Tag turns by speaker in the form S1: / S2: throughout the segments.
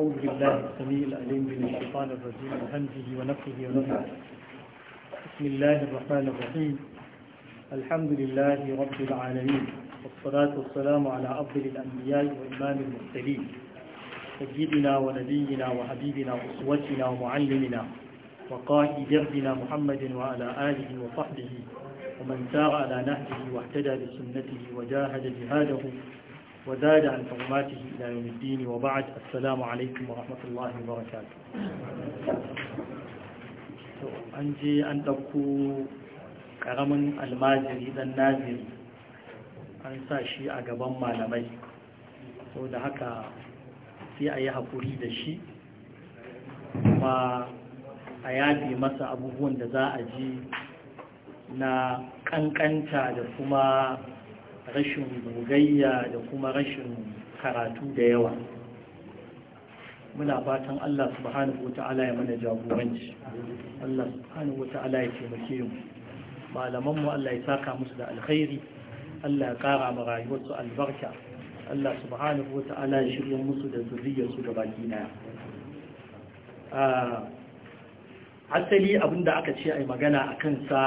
S1: أعوذ بالله السميع العليم من الشيطان الرجيم وهمزه ونفسه ونفسه بسم الله الرحمن الرحيم الحمد لله رب العالمين والصلاة والسلام على أفضل الأنبياء وإمام المرسلين سيدنا ونبينا وحبيبنا وأسوتنا ومعلمنا وقائد دربنا محمد وعلى آله وصحبه ومن سار على نهجه واهتدى بسنته وجاهد جهاده وزاد عن حرماته إلى يوم الدين وبعد السلام عليكم ورحمة الله وبركاته an je an ɗauko ƙaramin almajiri ɗan naziri an sa shi a gaban malamai so da haka sai a yi haƙuri da shi kuma a yafe masa abubuwan da za a je na ƙanƙanta da kuma rashin gogayya da kuma rashin karatu da yawa muna fatan Allah subhanahu wa ta'ala ya mana jagoranci Allah subhanahu wa ta'ala ya taimake mu malaman mu Allah ya saka musu da alkhairi Allah ya kara ma rayuwarsu albarka Allah subhanahu wa ta'ala ya shirya musu da zuriyarsu ah, da baki na. asali abinda aka ce ai magana akan sa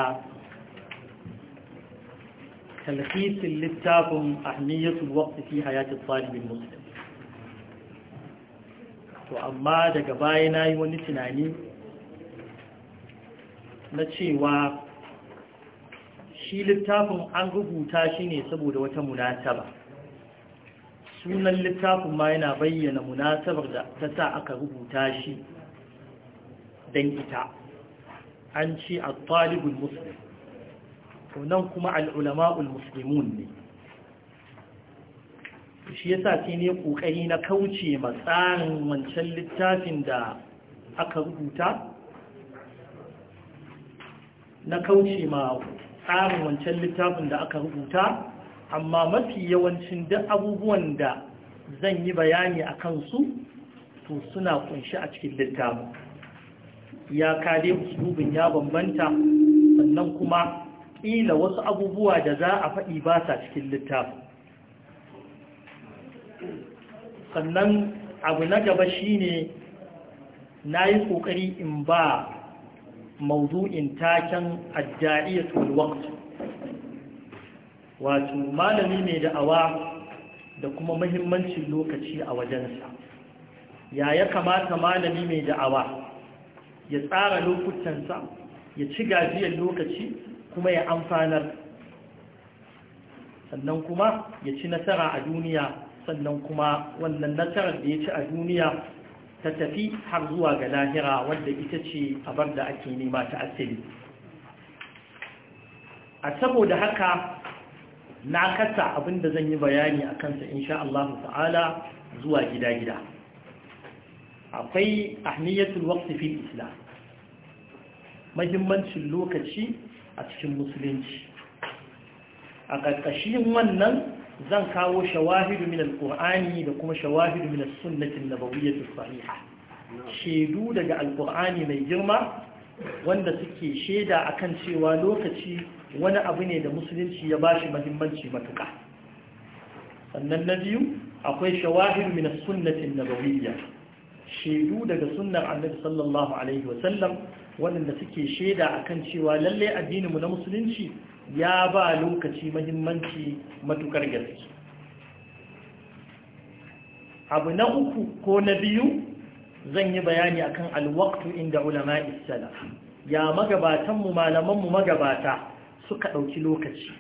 S1: talhisin littafin ahmiyatul waqti fi hayatul talibin muslim to amma daga baya na yi wani tunani na cewa shi littafin an rubuta shi ne saboda wata munasaba sunan littafin ma yana bayyana munasabar da ta sa aka rubuta shi dan ita an ce a talibin muslim to nan kuma al'ulama'ul musulmun ne shi yasa sai ne ƙoƙari na kauce ma wancan littafin da aka rubuta na kauce ma tsarin wancan littafin da aka rubuta amma mafi yawancin duk abubuwan da zan yi bayani a kansu to suna kunshi a cikin littafin ya kade musulubin ya bambanta sannan kuma kila wasu abubuwa da za a faɗi ba sa cikin littafin sannan abu na gaba shine na yi ƙoƙari in ba mauzu'in taken addariyatul waqt wato malami ne da da kuma mahimmancin lokaci a wajensa ya ya kamata malami mai da'awa ya tsara lokutansa ya ci gajiyar lokaci kuma ya amfanar sannan kuma ya ci nasara a duniya sannan kuma wannan nasarar da ya ci a duniya ta tafi har zuwa ga lahira wadda ita ce abar da ake nema ta asali a saboda haka na kasa abinda zan yi bayani a kansa insha Allah ta'ala zuwa gida-gida akwai ahmiyatul waqti fil islam mahimmancin lokaci a cikin musulunci a ƙarƙashin wannan zan kawo shawahidu min alƙur'ani da kuma shawahidu min sunnatin nabawiyyatus sahiha shedu daga alƙur'ani mai girma wanda suke sheda akan cewa lokaci wani abu ne da musulunci ya bashi muhimmanci matuƙa sannan na biyu akwai shawahidu min sunnatin nabawiyya shedu daga sunnar annabi sallallahu alaihi wa sallam waɗanda suke shaida akan cewa lallai addininmu na musulunci ya ba lokaci mahimmanci matukar gaske abu na uku ko na biyu zan yi bayani akan alwaktu inda ulama isala ya magabatanmu malamanmu magabata suka ɗauki lokaci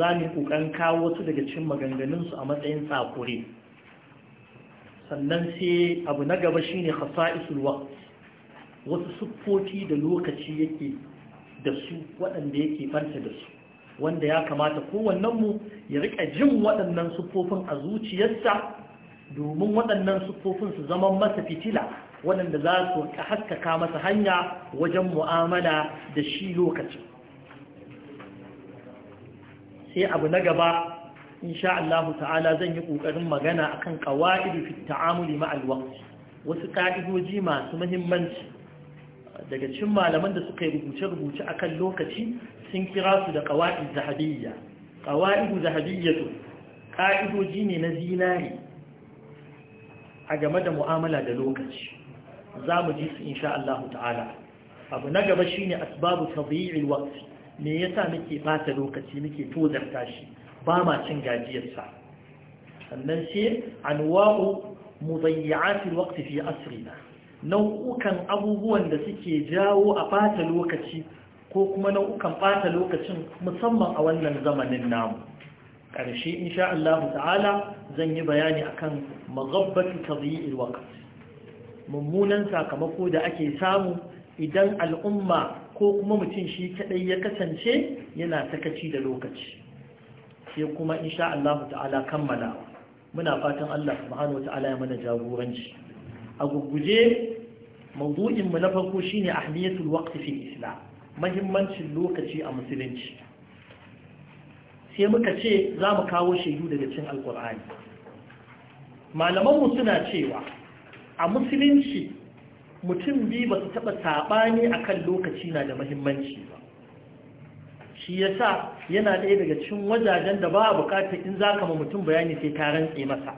S1: za mu kawo su daga cikin maganganunsu a matsayin tsakure sannan sai abu na gaba shine khasa'isul waqt wasu siffofi da lokaci yake da su waɗanda yake fanta da su wanda ya kamata kowannenmu ya riƙa jin waɗannan siffofin a zuciyarsa domin waɗannan siffofin su zama masa fitila waɗanda za su haskaka masa hanya wajen mu'amala da shi lokacin sai abu na gaba insha Allah ta'ala zan yi ƙoƙarin magana akan ƙawa'idu fi ta'amuli ma'al wasu ƙa'idoji masu muhimmanci daga cikin malaman da suka yi rubuce-rubuce kan lokaci sun kira su da ƙawa'id zahabiyya ƙawa'idu zahabiyyatu ƙa'idoji ne na zinari a game da mu'amala da lokaci za mu ji su insha Allah ta'ala abu na gaba shine asbabu tadhi'il waqt me yasa muke bata lokaci muke tozarta shi ba ma cin gajiyarsa sannan sai anwa'u mudayyi'atil waqt fi asirina. nau'ukan abubuwan da suke jawo a fata lokaci ko kuma nau'ukan fata lokacin musamman a wannan zamanin namu ƙarshe insha Allah ta'ala zan yi bayani akan maghabbatu tadyi'il waqt mummunan sakamako da ake samu idan al'umma ko kuma mutum shi kadai ya kasance yana sakaci da lokaci sai kuma insha Allah ta'ala kammala muna fatan Allah subhanahu wa ta'ala ya mana jagoranci a gugguje mawdu'in mu na farko shine ahmiyatul waqti fi islam muhimmancin lokaci a musulunci sai muka ce za mu kawo shaidu daga cin alkur'ani malamanmu suna cewa a musulunci mutum biyu ba su taɓa saɓani a kan lokaci na da mahimmanci ba shi ya sa yana ɗaya daga cin wajajen da ba a buƙatar in za ka ma mutum bayani sai ta rantse masa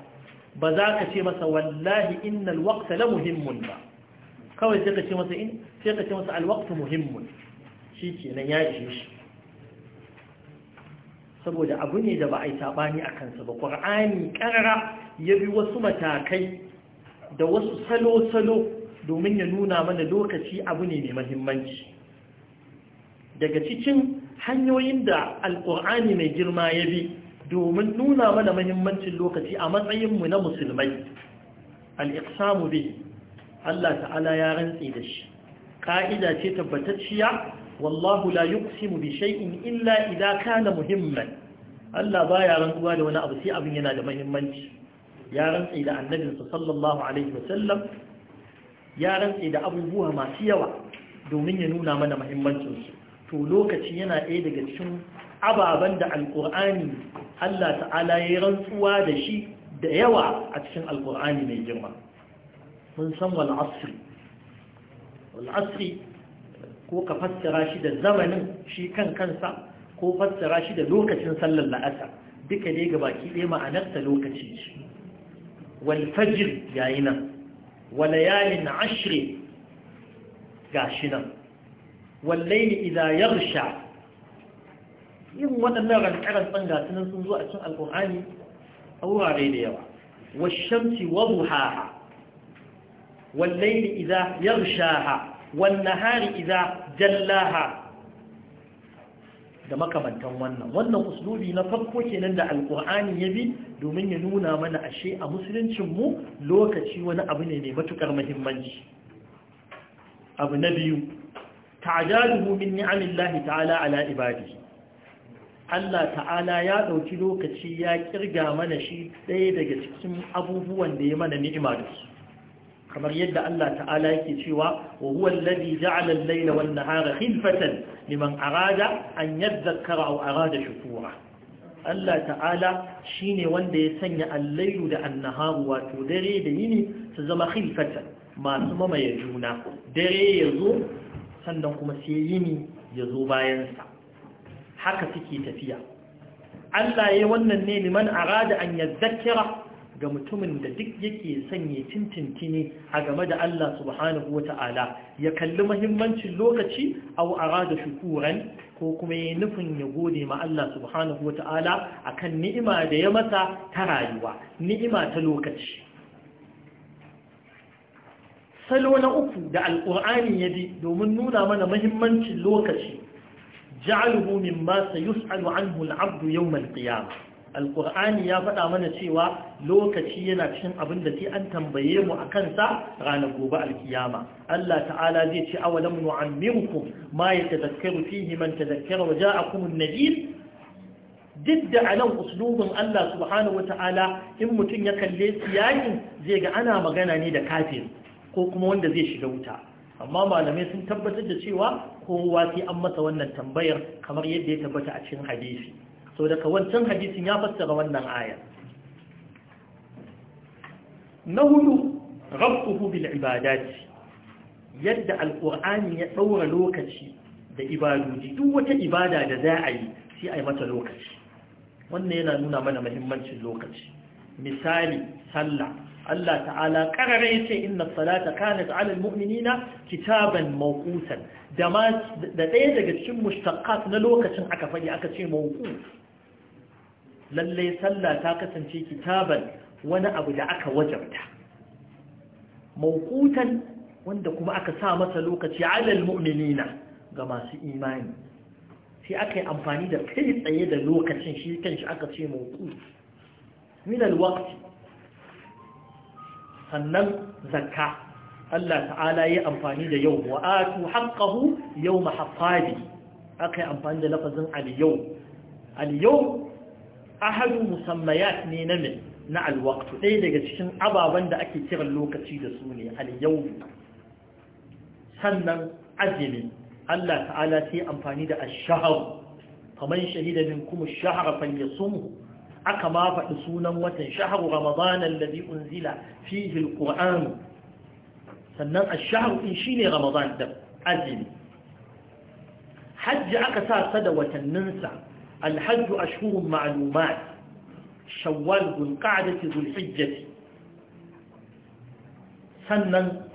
S1: ba za ka ce masa wallahi innal waqta la muhimmun ba kawai sai ka ce masa in sai ka ce masa al waqtu muhimmun shikenan ya ishe shi saboda abu ne da ba a yi sabani a kansa ba qur'ani karara ya bi wasu matakai da wasu salo salo domin ya nuna mana lokaci abu ne mai muhimmanci daga cikin hanyoyin da alqur'ani mai girma ya bi domin nuna mana mahimmancin lokaci a matsayinmu na musulmai aliksamu bi Allah ta'ala ya rantse da shi ƙa'ida ce tabbatacciya wallahu la yuqsimu bi shay'in illa idza kana muhimman Allah baya rantsuwa da wani abu sai abin yana da muhimmanci ya rantse da annabinsa sallallahu alaihi wasallam ya rantse da abubuwa masu yawa domin ya nuna mana muhimmancin su to lokaci yana ɗaya daga cikin ababen da alƙur'ani Allah ta'ala ya yi rantsuwa da shi da yawa a cikin alƙur'ani mai girma mun san wal asri wal ko ka fassara shi da zamanin shi kan kansa ko fassara shi da lokacin sallar la'asa duka dai ga baki ɗaya ma'anarsa lokaci ce wal fajr yayi nan wal layalin ga gashi nan Wallaini layli yarsha. yin waɗannan rankaran tsanga sunan sun zo a cikin alƙur'ani a wurare da yawa washamci wa ruhaha wallaili idza yarshaha wan nahari jallaha da makamantan wannan wannan uslubi na farko kenan da alƙur'ani ya bi domin ya nuna mana ashe a musuluncin mu lokaci wani abu ne mai matukar muhimmanci abu na biyu ta'jaluhu min ni'amillahi ta'ala ala ibadihi Allah ta'ala ya ɗauki lokaci ya ƙirga mana shi ɗaya daga cikin abubuwan da ya mana ni'ima da su kamar yadda Allah ta'ala yake cewa wa huwa alladhi ja'ala al-layla wan nahara khilfatan liman arada an yadhakkara aw arada shukura Allah ta'ala shine wanda ya sanya al-laylu da an-naharu wato dare da yini su zama khilfatan masu mamaye juna dare yazo sannan kuma sai yini ya bayan sa haka suke tafiya Allah ya wannan ne liman arada an yadhakkara ga mutumin da duk yake sanye tintintini a game da Allah subhanahu wata'ala ya kalli mahimmancin lokaci aw arada shukuran ko kuma ya nufin ya gode ma Allah subhanahu wata'ala akan ni'ima da ya masa ta rayuwa ni'ima ta lokaci salo na uku da Alkur'ani ya bi domin nuna mana mahimmancin lokaci ja'aluhu mimma sayus'alu anhu al-'abdu yawm al-qiyamah alƙur'ani ya faɗa mana cewa lokaci yana cikin abin da sai an tambaye mu a kansa ranar gobe alkiyama Allah ta'ala zai ce awalam nu'ammirkum ma yatadhakkaru fihi man tadhakkara wa ja'akum an-nadhir duk da anan uslubin Allah subhanahu wata'ala in mutum ya kalle siyakin zai ga ana magana ne da kafir ko kuma wanda zai shiga wuta amma malamai sun tabbatar da cewa kowa sai an masa wannan tambayar kamar yadda ya tabbata a cikin hadisi Sau daga wancan hadisin ya fassara wannan aya na hudu rabbuhu bil ibadati yadda alqur'ani ya daura lokaci da ibadoji duk wata ibada da za a yi sai a yi mata lokaci wannan yana nuna mana muhimmancin lokaci misali sallah Allah ta'ala karare ce inna salata kanat 'ala al-mu'minina kitaban mawqutan da ma da ɗaya daga cikin mushtaqqat na lokacin aka faɗi aka ce mawqu lalle sallah ta kasance kitaban wani abu da aka wajabta mawqutan wanda kuma aka sa masa lokaci 'ala al-mu'minina ga masu imani sai aka yi amfani da kai tsaye da lokacin shi kanshi aka ce mawqu min al-waqti sannan zakka Allah ta'ala ya amfani da yau wa atu haqqahu yawma aka akai amfani da lafazin al-yau al-yau ahadu musammayat ne na min na al-waqt dai daga cikin ababan da ake kiran lokaci da su ne al sannan azumi Allah ta'ala sai amfani da ash-shahr faman shahida minkum ash-shahra falyasumhu aka ma faɗi sunan watan shaharu ramadana alladhi unzila fihi alquran sannan ash-shahru din shine ramadan da azumi hajji aka sa sada da watanninsa الحج أشهر معلومات شوال ذو القعدة ذو الحجة sannan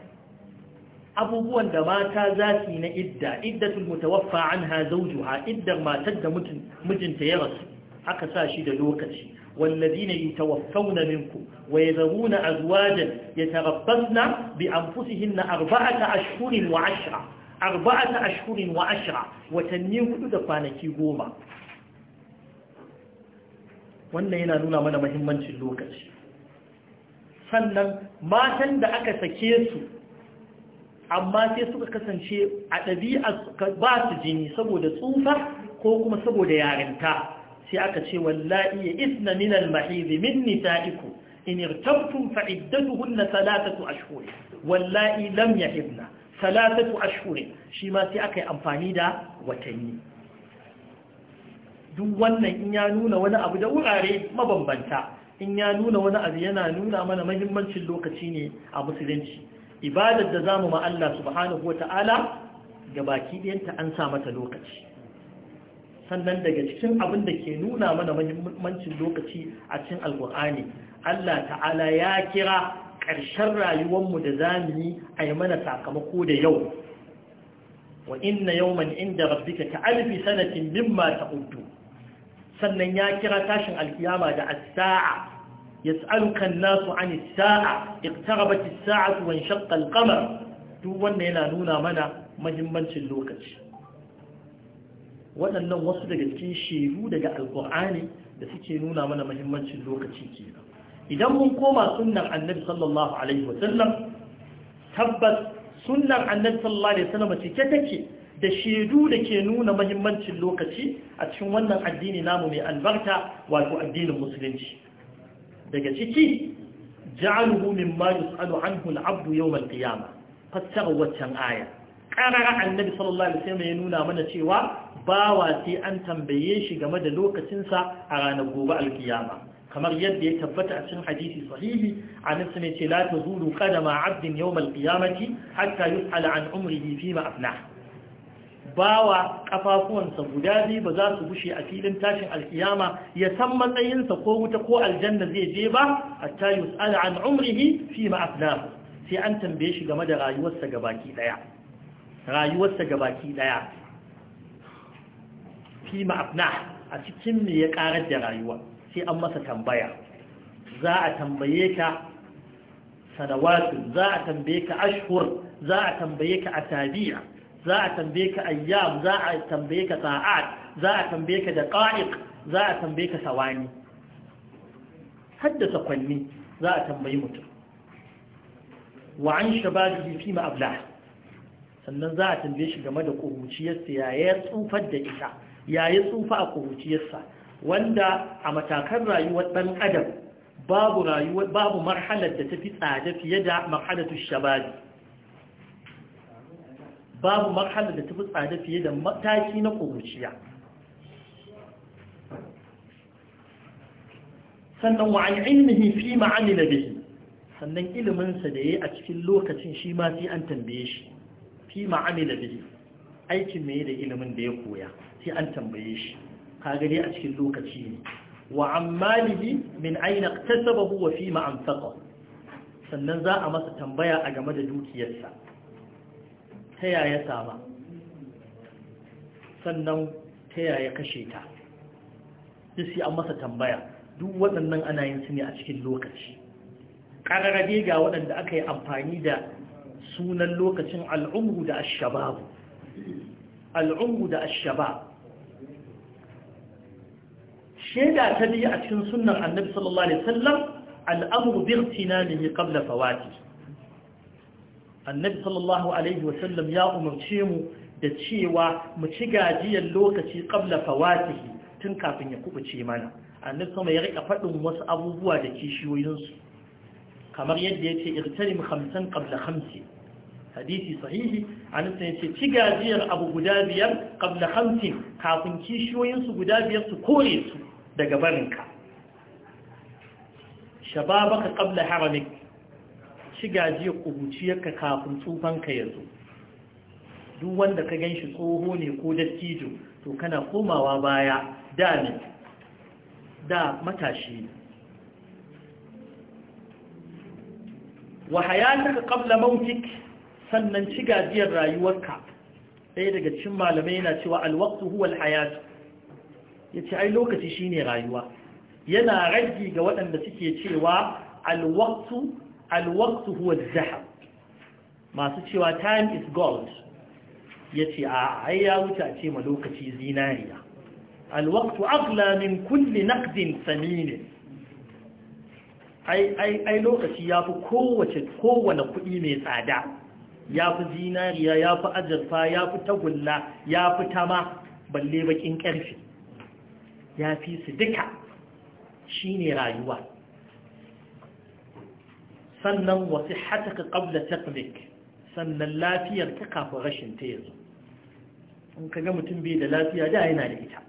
S1: abubuwan da mata za su yi na idda iddatul mutawaffa anha zawjuha iddar matar da mijinta ya rasu aka sa shi da lokaci wallazina yatawaffawna ta wa yadhuna azwajan yatarabbasna bi anfusihinna arba'ata ashhurin wa ashra arba'ata ashhurin wa ashra wa tanin hudu da kwanaki goma wannan yana nuna mana muhimmancin lokaci sannan matan da aka sake su amma sai suka kasance a ɗabi'a ba su jini saboda tsufa ko kuma saboda yarinta sai aka ce wallahi ya isna min al-mahid min nisa'ikum in irtabtum fa iddatuhunna thalathatu ashhur wallahi lam yahibna thalathatu ashhur shi ma sai aka yi amfani da watanni duk wannan in ya nuna wani abu da wurare mabambanta in ya nuna wani abu yana nuna mana mahimmancin lokaci ne a musulunci ibadar da zamu ma Allah subhanahu wata'ala ga baki ɗayanta an sa mata lokaci sannan daga cikin abin da ke nuna mana mahimmancin lokaci a cikin alkur'ani Allah ta'ala ya kira ƙarshen rayuwarmu da yi a yi mana sakamako da yau wa inna yawman inda rabbika ka alfi sanatin mimma ta'uddu sannan ya kira tashin alkiyama da as-sa'a yas'aluka an-nasu 'an as-sa'a iqtarabat as-sa'atu wa inshaqqa al-qamar duk wannan yana nuna mana mahimmancin lokaci waɗannan wasu daga cikin shehu daga alƙur'ani da suke nuna mana mahimmancin lokaci kenan idan mun koma sunnar annabi sallallahu alaihi wasallam tabbas sunnar annabi sallallahu alaihi wasallam cike take da shedu da ke nuna mahimmancin lokaci a cikin wannan addini namu mai albarka wato addinin musulunci daga ciki ja'aluhu mimma yus'alu anhu al-'abdu yawm al-qiyamah fassara waccan aya qarara annabi sallallahu alaihi wasallam ya nuna mana cewa bawa sai an tambaye shi game da lokacinsa a ranar gobe alkiyama kamar yadda ya tabbata a cikin hadisi sahihi anas ne ce la tazulu qadama 'abdin yawm al hatta yus'ala an umrihi fi ma afna bawa kafafuwansa guda biyu ba za su bushe a filin tashin alkiyama ya san matsayinsa ko wuta ko aljanna zai je ba hatta yus'ala an umrihi fi ma afna sai an tambaye shi game da rayuwarsa gabaki daya rayuwarsa gabaki daya fi ma'afna a cikin me ya karar da rayuwa sai an masa tambaya za a tambaye ka sanawatu za a tambaye ka ashhur za a tambaye ka atabi'a za a tambaye ka ayyam za a tambaye ka sa'at za a tambaye ka daqa'iq za a tambaye ka sawani haddasa kwanni za a tambayi mutum wa an shababihi fi ma'ablah sannan za a tambaye shi game da kuruciyarsa yaya tsufar da ita yayin tsufa a kuruciyarsa wanda a matakan rayuwar ɗan adam babu rayuwar babu marhalar da tafi tsada fiye da marhalatu shababi babu marhalar da tafi tsada fiye da mataki na kuruciya sannan wa an ilmihi fi ma'amila bihi sannan iliminsa da ya yi a cikin lokacin shi ma sai an tambaye shi fi ma'amila bihi aikin mai da ilimin da ya koya sai an tambaye shi Ka gani a cikin lokaci ne wa ammalihi min aina iktasabahu wa fi ma anfaqa sannan za a masa tambaya a game da dukiyarsa ta yaya sama sannan ta yaya kashe ta sai an masa tambaya duk waɗannan ana yin su ne a cikin lokaci ƙararrabe ga waɗanda aka yi amfani da sunan lokacin al'umru da ashababu al'ungu da ashaba shaida ta biyu a cikin sunnan annabi sallallahu alaihi wasallam al'amru bi ihtinanihi qabla fawati annabi sallallahu alaihi wasallam ya umarce mu da cewa mu ci gajiyar lokaci ƙabla fawatihi tun kafin ya kubuce mana annabi sama ya rika faɗin wasu abubuwa da kishiyoyinsu kamar yadda ya ce irtalim hamsin qabla hamsin. hadisi sahihi an ya ce ci gajiyar abu guda biyar kabla hamsin kafin kishiyoyinsu guda biyar su kore su daga barinka shababaka kabla haramik ci gajiyar ƙuruciyarka kafin tsufanka ya zo duk wanda ka gan shi tsoho ne ko dattijo to kana komawa baya da ne da matashi wa hayatuka qabla mautik sannan ci gajiyar rayuwarka ɗaya daga cikin malamai yana cewa alwaktu huwa Ya ce ai lokaci shine rayuwa yana ragi ga waɗanda suke cewa alwaktu alwaktu huwa zahab masu cewa time is gold yace a ai ya wuce a ce ma lokaci zinariya alwaktu aghla min kulli naqdin samin ai ai ai lokaci yafi kowace kowane kuɗi mai tsada ya fi zinariya ya fi azurfa ya fi tagulla ya fi tama balle bakin ƙarfi ya fi su duka shi ne rayuwa sannan wasu hataka ƙabla teknik sannan lafiyar ta kafin rashin ta yanzu in ka ga mutum bai da lafiya da yana da ita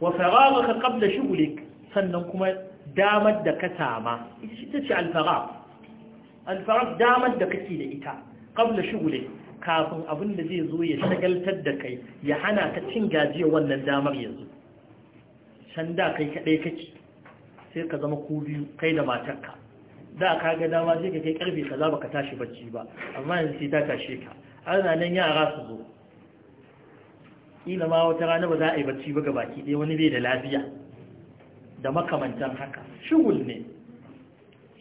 S1: wa ka ƙabla shugulik sannan kuma damar da ka sama ita ce alfarar alfarar damar da kake da ita kabla shugule kafin abin da zai zo ya shagaltar da kai ya hana ka cin gajiya wannan damar yanzu can da kai kaɗai kake sai ka zama ku biyu kai da matarka da ka ga dama sai ka kai karfe kaza baka tashi bacci ba amma yanzu sai ta tashe ka ana nan yara su zo Ina ma wata rana ba za a yi bacci ba gabaki ɗaya wani bai da lafiya da makamantan haka shugul ne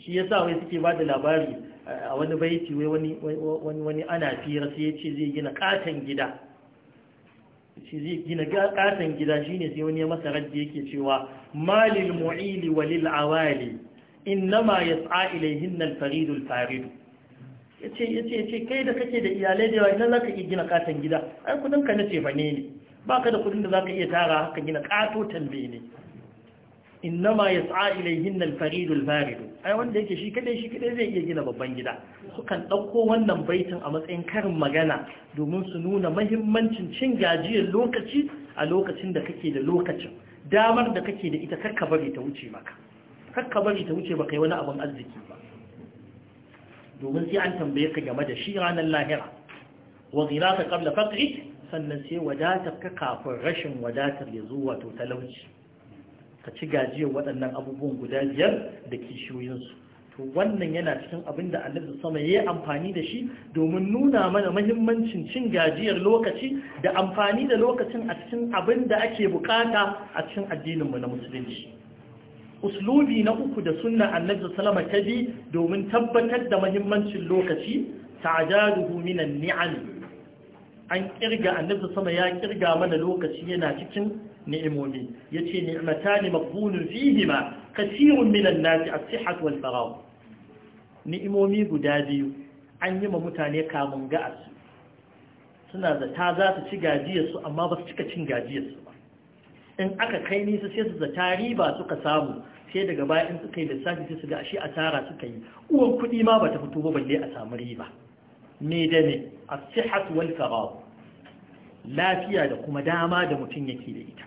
S1: shi ya sa wai suke ba da labari a wani baiti wai wani ana fira sai ya ce zai gina katon gida shi zai gina katon gida shi ne sai wani ya masa rajji yake cewa malil mu'ili walil awali innama ya tsa ilayhin nan faridul faridu ya ce ya ce kai da kake da iyalai da yawa idan za ka iya gina katon gida ai ka na cefa ne ne, ba ka da kudin da za ka iya tara haka gina kato bene. ne innama ya tsa ilayhin nan faridul faridu ai wanda yake shi kadai shi kadai zai iya gina babban gida sukan ɗauko wannan baitin a matsayin karin magana domin su nuna mahimmancin cin gajiyar lokaci a lokacin da kake da lokacin damar da kake da ita kakka bari ta wuce maka kakka bari ta wuce baka yi wani abin arziki ba domin sai an tambaye ka game da shi ranar lahira wa ka qabla faqrik sannan sai wadatar ka kafin rashin wadatar ya zo wato talauci ka ci gajiyar waɗannan abubuwan guda biyar da kishiyoyinsu to wannan yana cikin abin da annabi sama ya yi amfani da shi domin nuna mana mahimmancin cin gajiyar lokaci da amfani da lokacin a cikin abin da ake bukata a cikin addininmu na musulunci uslubi na uku da sunna annabi salama ta bi domin tabbatar da mahimmancin lokaci ta'jaduhu minan ni'am an kirga annabi sama ya kirga mana lokaci yana cikin ni'imomi yace ni'matani maqbulun fihima kathirun minan nasi as-sihhat wal faragh ni'imomi guda biyu an yi ma mutane kamun ga'as, suna zata za su ci gajiyarsu amma ba su cika cin gajiyarsu ba in aka kai nisa sai su zata riba suka samu sai daga baya in suka yi lissafi sai su ga ashe asara suka yi uwan kuɗi ma ba ta fito ba balle a samu riba me da ne as-sihhat wal faragh lafiya da kuma dama da mutum yake da ita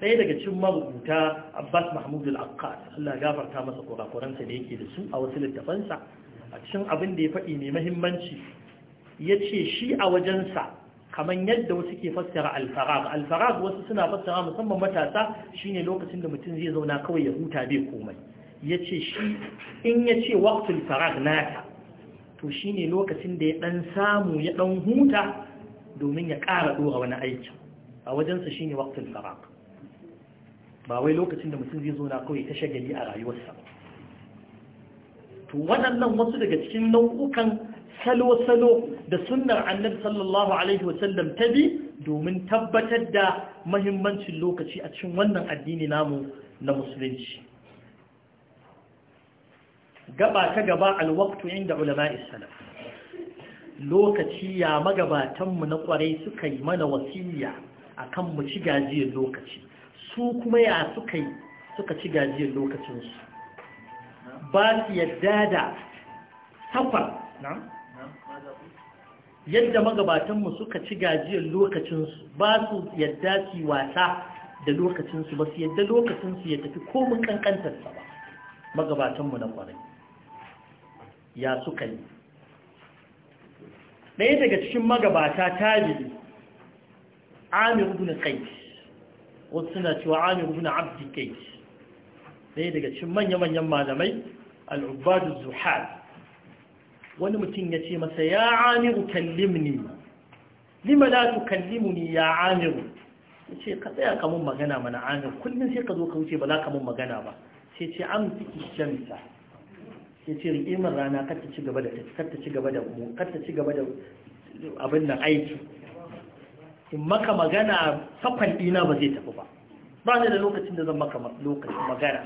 S1: ɗaya daga cikin marubuta abbas mahmud al-akkad allah gafarta masa kurakuransa da yake da su a wasu littafansa a cikin abin da ya faɗi mai mahimmanci ya ce shi a wajensa kamar yadda wasu ke fassara alfarag alfarag wasu suna fassara musamman matasa shine lokacin da mutum zai zauna kawai ya huta bai komai ya ce shi in ya ce waktul farag nata to shine lokacin da ya ɗan samu ya ɗan huta domin ya ƙara ɗora wani aiki a wajensa shine waktul farag ba wai lokacin da mutum zai zo na kawai ta shagali a rayuwarsa to waɗannan wasu daga cikin nau'ukan salo-salo da sunnar annabi sallallahu alaihi wasallam ta bi domin tabbatar da mahimmancin lokaci a cikin wannan addini namu na musulunci gaba ta gaba alwaktu inda ulama salaf lokaci ya magabatanmu na kwarai suka yi mana wasiya akan mu ci gajiyar lokaci su kuma ya suka yi suka ci gajiyar lokacinsu ba su yadda da safar yadda magabatanmu suka ci gajiyar lokacinsu ba su yadda su wasa da lokacinsu ba su yadda lokacinsu ya tafi komin kankantarsa ba magabatanmu na kwarai ya suka yi ɗaya daga cikin magabata ta jiri amir ibn kai wasu suna cewa amir ibn abdi kai ɗaya daga cikin manya-manyan malamai alubadu zuhar wani mutum ya ce masa ya amiru ne lima la tukallimuni ya amiru ce ka tsaya ka mun magana mana amir kullum sai ka zo ka wuce ba za ka mun magana ba sai ce amsi ishamsa sai ce riƙe min rana kar ta ci gaba da kar ta ci gaba da abin nan aiki in maka magana sakon ɗina ba zai tafi ba ba da lokacin da zan maka lokacin magana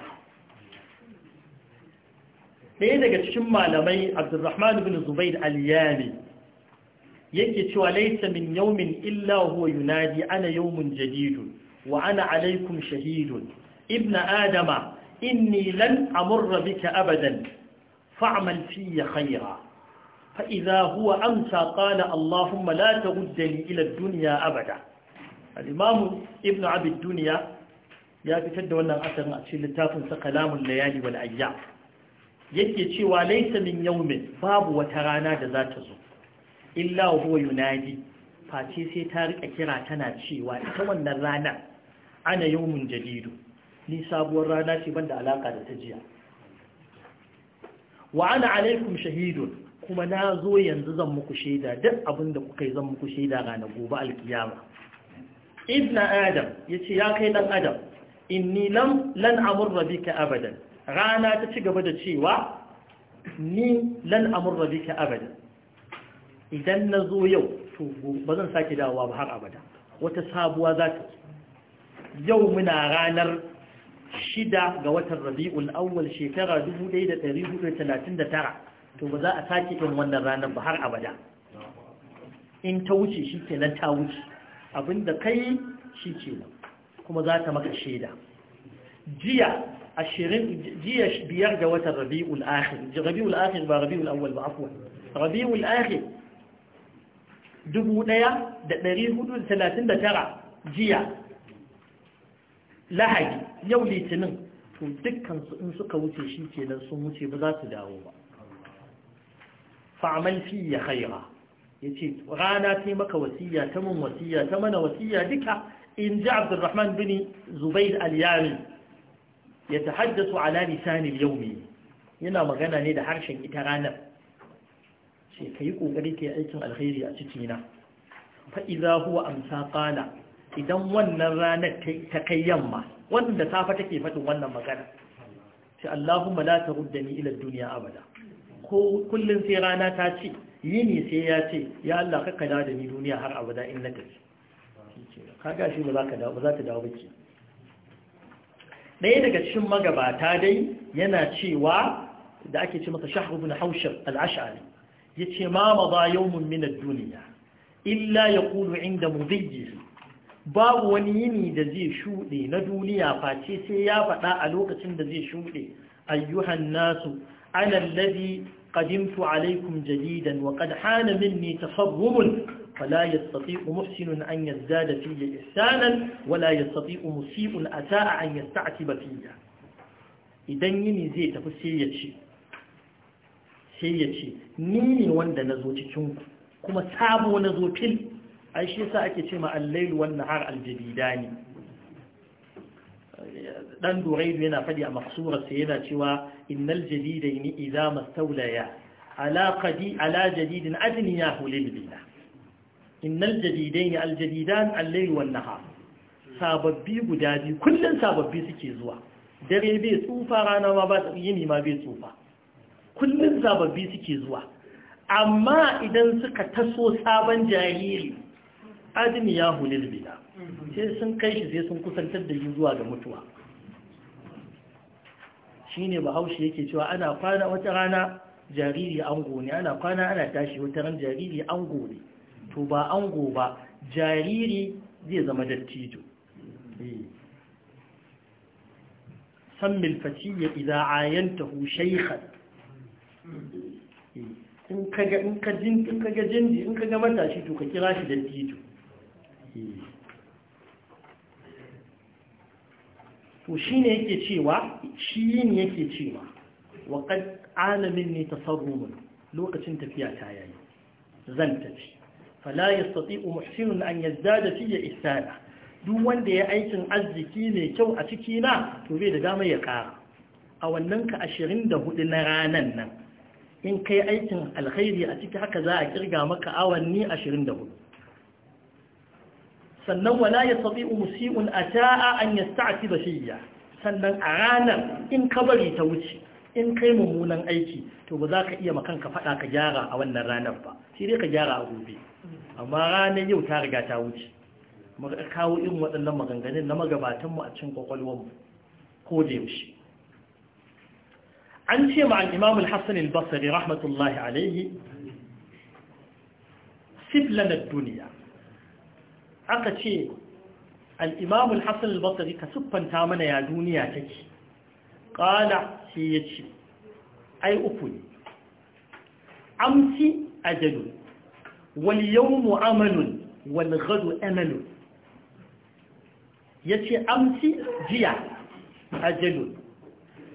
S1: ɗaya daga cikin malamai abdurrahman Bin zubair al-yami yake cewa laisa min yaumin illa huwa yunadi ana yaumin jadidun wa ana alaikum shahidun ibn adama inni lan amurra bika abadan fa'mal fiyya khaira fa’iza huwa amsa ƙala Allahumma la ta hujjani ila duniya abada. Al’imamu Ibn Abid duniya ya fitar da wannan asirin a cikin littafinsa kalamun layali wal ayya. Yake cewa laisa min yaumin babu wata rana da za ta zo, illa wa huwa yunadi, face sai ta riƙa kira tana cewa ita wannan rana ana yaumin jaridu. ni sabuwar rana ce banda alaƙa da ta jiya. wa ana alaikum shahidun kuma na zo yanzu zan muku shaida duk abin da kuka yi zan muku shaida ranar gobe alkiyama ibn adam yace ya kai dan adam inni lam lan amurra bika abadan rana ta ci gaba da cewa ni lan amurra bika abadan idan na zo yau to ba zan sake dawowa ba har abada wata sabuwa za ta yau muna ranar shida ga watan rabi'ul awwal shekara 1439 to ba za a sake ɗin wannan ranar ba har abada in ta wuce shi ke nan ta wuce abinda kai shi ke nan kuma za ta maka shaida jiya ashirin jiya biyar da watan rabi'ul akhir rabi'ul akhir ba rabi'ul awwal ba afwan rabi'ul akhir tara, jiya lahadi yau litinin to dukkan su in suka wuce shi ke nan sun wuce ba za su dawo ba fa'amal fiye khaira ya ce rana ta maka wasiya ta mun wasiya ta mana wasiya duka in ji abdurrahman bin zubair al-yari ya ta haddasu ala yau yaumi yana magana ne da harshen ita ranar ce ka yi ƙoƙari ka yi aikin alheri a cikina fa'iza huwa amsa ƙana idan wannan ranar ta kai yamma wanda safa take faɗin wannan magana allahu Allahumma la ni ila duniya abada ko kullum sai rana ta ce yini sai ya ce ya Allah kakka da ni duniya har abada in na tafi ka gashi ba za ta dawo baki ɗaya daga cikin magabata dai yana cewa da ake ce masa shahru bin haushar al'ashari ya ce ma ma ba yau minar duniya illa ya kulu inda mu muzayyi babu wani yini da zai shuɗe na duniya face sai ya faɗa a lokacin da zai shuɗe ayyuhan nasu أنا الذي قدمت عليكم جديدا وقد حان مني تصرب فلا يستطيع محسن أن يزداد فيه إحسانا ولا يستطيع مسيء أساء أن يستعتب فيه idan yini zai tafi sai ya ce ni ne wanda na zo cikinku kuma sabo na zo fil ai shi yasa ake ce ma allailu wannan har aljabida ne dan duraidu yana faɗi a maksurarsa yana cewa innal jadidaini idza mastawlaya ala qadi ala jadidin ya hulil bina innal jadidaini al jadidan al layl wan nahar sababbi guda biyu kullum sababbi suke zuwa dare bai tsufa rana ma ba yini ma bai tsufa kullun sababbi suke zuwa amma idan suka taso sabon jariri ya hulil bina sai sun kai shi sai sun kusantar da shi zuwa ga mutuwa shine bahaushe yake cewa ana kwana wata rana jariri ango ne ana kwana ana tashi wata ran jariri ango ne to ba ango ba jariri zai zama dattijo eh. sammil fatiyya idza ayantahu shaykhan eh. in kaga in ka jin in kaga matashi to ka kira shi dattijo eh. to shi ne yake cewa shi ne yake cewa waƙad alamin ne ta sarrumin lokacin tafiya ta yayi zan tafi fala ya sati umarsinun an yadda da fiye isana duk wanda ya aikin arziki mai kyau a cikina to bai da dama ya ƙara a wannan ka ashirin da hudu na ranan nan in kai aikin alkhairi a ciki haka za a kirga maka awanni ashirin da hudu sannan wala ya sabi musi'un a ta'a an ya sa'ati da shiyya sannan a ranar in ka bari ta wuce in kai mummunan aiki to ba za ka iya makan ka faɗa ka gyara a wannan ranar ba sai dai ka gyara a gobe amma ranar yau ta riga ta wuce maka kawo irin waɗannan maganganun na magabatanmu a cikin kwakwalwarmu ko da yaushe an ce ma al-imam al-hassan al-basri rahmatullahi alaihi siflan duniya. aka ce Al'imamul Hassan al-hasan ka siffanta mana ya duniya take qala sai ce. ai uku ne amsi ajalu wal yawmu amalun wal ghadu Ya ce amsi jiya a ajalu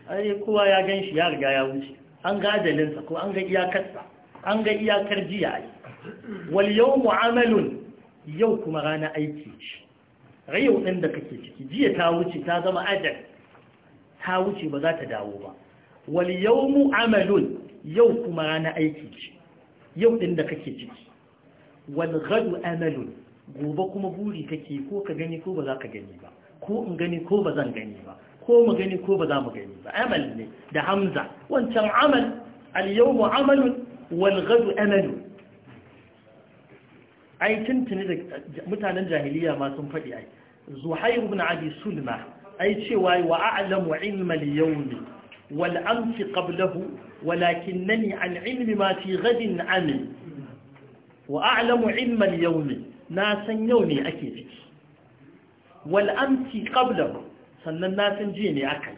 S1: ai kowa ya ganshi ya riga ya wuce an ga ajalinsa ko an ga iyakarsa an ga iyakar jiya ai wal yawmu amalun yau kuma rana aiki ce rayau ɗin da kake ciki jiya ta wuce ta zama ajal ta wuce ba za ta dawo ba wal yawmu amalun yau kuma rana aiki ce yau ɗin da kake ciki wal ghadu amalun gobe kuma buri kake ko ka gani ko ba za ka gani ba ko in gani ko ba zan gani ba ko mu gani ko ba za mu gani ba amal ne da hamza wancan amal al yawmu amalun wal ghadu amalun ai tuntuni da mutanen jahiliya ma sun faɗi ai zuhair ibn abi sulma ai cewa wa a'lamu ilma al-yawmi wal amsi qablahu walakinnani an ilmi ma fi ghadin ami wa a'lamu ilma al-yawmi na san yau ne ake ciki wal amsi qablahu sannan na san jiya ne akai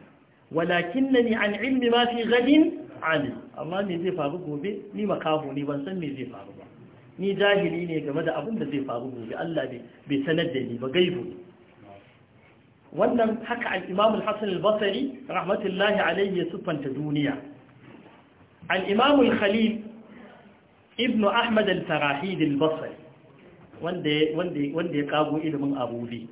S1: walakinnani an ilmi ma fi ghadin ami amma me zai faru gobe ni makaho ne ban san me zai faru ba ni jahili ne game da abin da zai faru gobe Allah bai sanar da ni ba gaibu wannan haka al-Imam al-Hasan al-Basri rahmatullahi alayhi ya siffanta duniya al-Imam al-Khalil ibn Ahmad al-Farahid al-Basri wanda wanda wanda ya kago ilimin abubi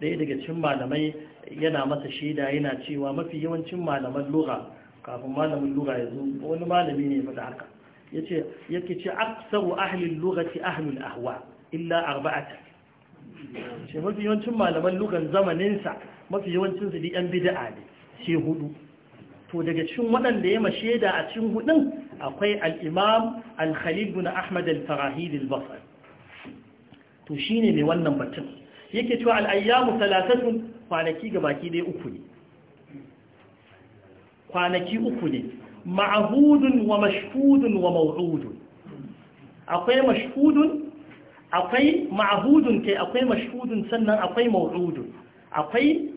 S1: daya daga cikin malamai yana masa shaida yana cewa mafi yawancin malaman lugha kafin malamin lugha ya zo wani malami ne ya faɗa haka yace yake ce aksaru ahlil lughati ahlul ahuwa illa arba'ata ce mafi yawancin malaman lugan zamanin sa mafi yawancin su yan bid'a ne sai hudu to daga cikin waɗanda ya mashe da a cikin hudun akwai al-imam al-khalid bin ahmad al-farahid al-basri to shine ne wannan batun yake cewa al-ayyamu thalathatun kwanaki gabaki dai uku ne kwanaki uku ne ma'ahudun wa mashhudun wa maw'udun akwai mashhudun akwai ma'ahudun kai akwai mashhudun sannan akwai maw'udun akwai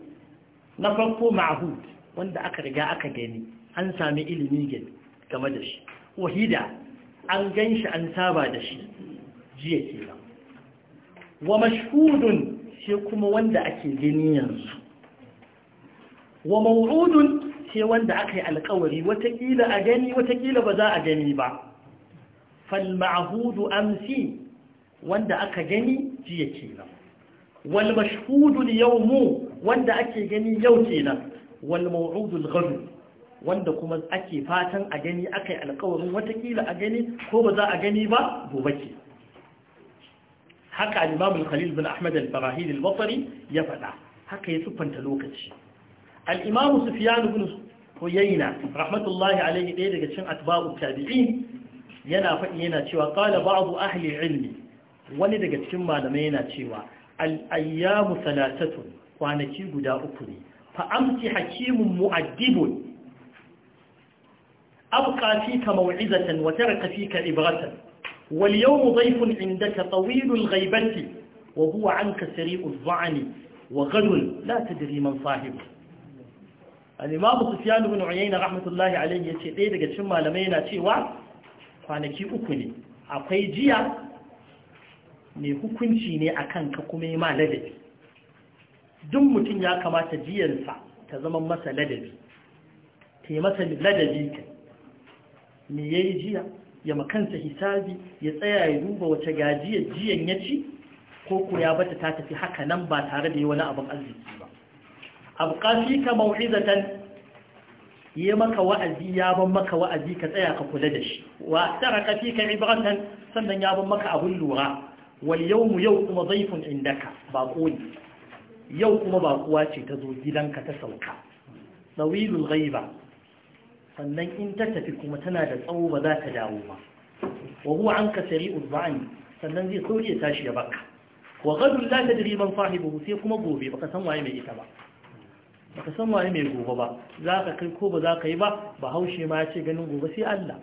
S1: na farko ma'ahud wanda aka riga aka gani an sami ilimi gani game da shi wahida an gan shi an saba da shi jiya ke nan wa mashhudun sai kuma wanda ake gani yanzu wa maw'udun ce wanda aka yi alkawari watakila a gani watakila ba za a gani ba falma'ahudu amsi wanda aka gani jiya kenan wal mashhudu yawmu wanda ake gani yau kenan wal ghadu wanda kuma ake fatan a gani aka yi alkawarin watakila a gani ko ba za a gani ba gobe ke haka al-imamul khalil bin ahmad al-barahili al-basri ya faɗa haka ya siffanta lokaci al-imamu sufyan ibn Uyayna rahmatullahi alaihi ɗaya daga cikin atba'u tabi'in yana faɗi yana cewa qala ba'du ahli ilmi wani daga cikin malamai yana cewa al ayyamu kwanaki guda uku ne fa amti hakimun mu'addibun abqa fika maw'izatan wa taraka fika ibratan wal yawmu dhayfun indaka tawilul ghaibati wa huwa anka sari'ul dha'ni wa ghadun la tadri man sahibuhu al-imamu sufyan ibn uyayna rahmatullahi alayhi yace ɗaya daga cikin malamai yana cewa kwanaki uku ne akwai jiya mai hukunci ne akan ka kuma yi ma ladabi duk mutum ya kamata jiyarsa ta zama masa ladabi ta yi masa ladabi ka me ya yi jiya ya makansa hisabi ya tsaya ya duba wace gajiyar jiyan ya ci ko ku ya bata ta tafi haka nan ba tare da yi wani abin arziki ba abqa ka mau'izatan yi maka wa'azi ya ban maka wa'azi ka tsaya ka kula da shi wa taraka fika ibratan sannan ya ban maka abin lura wal yawmu yau kuma zaifin indaka bako ne yau kuma bakuwa ce ta zo gidanka ta sauka dawilul ghaiba sannan in ta tafi kuma tana da tsawo ba za ta dawo ba wa huwa anka sari'ul ba'ani sannan zai sauke tashi ya baka wa gadun la tadri man sahibihi sai kuma gobe baka san waye mai ita ba baka san wani mai gobe ba za ka kai ko ba za ka yi ba ba haushe ma ya ce ganin gobe sai Allah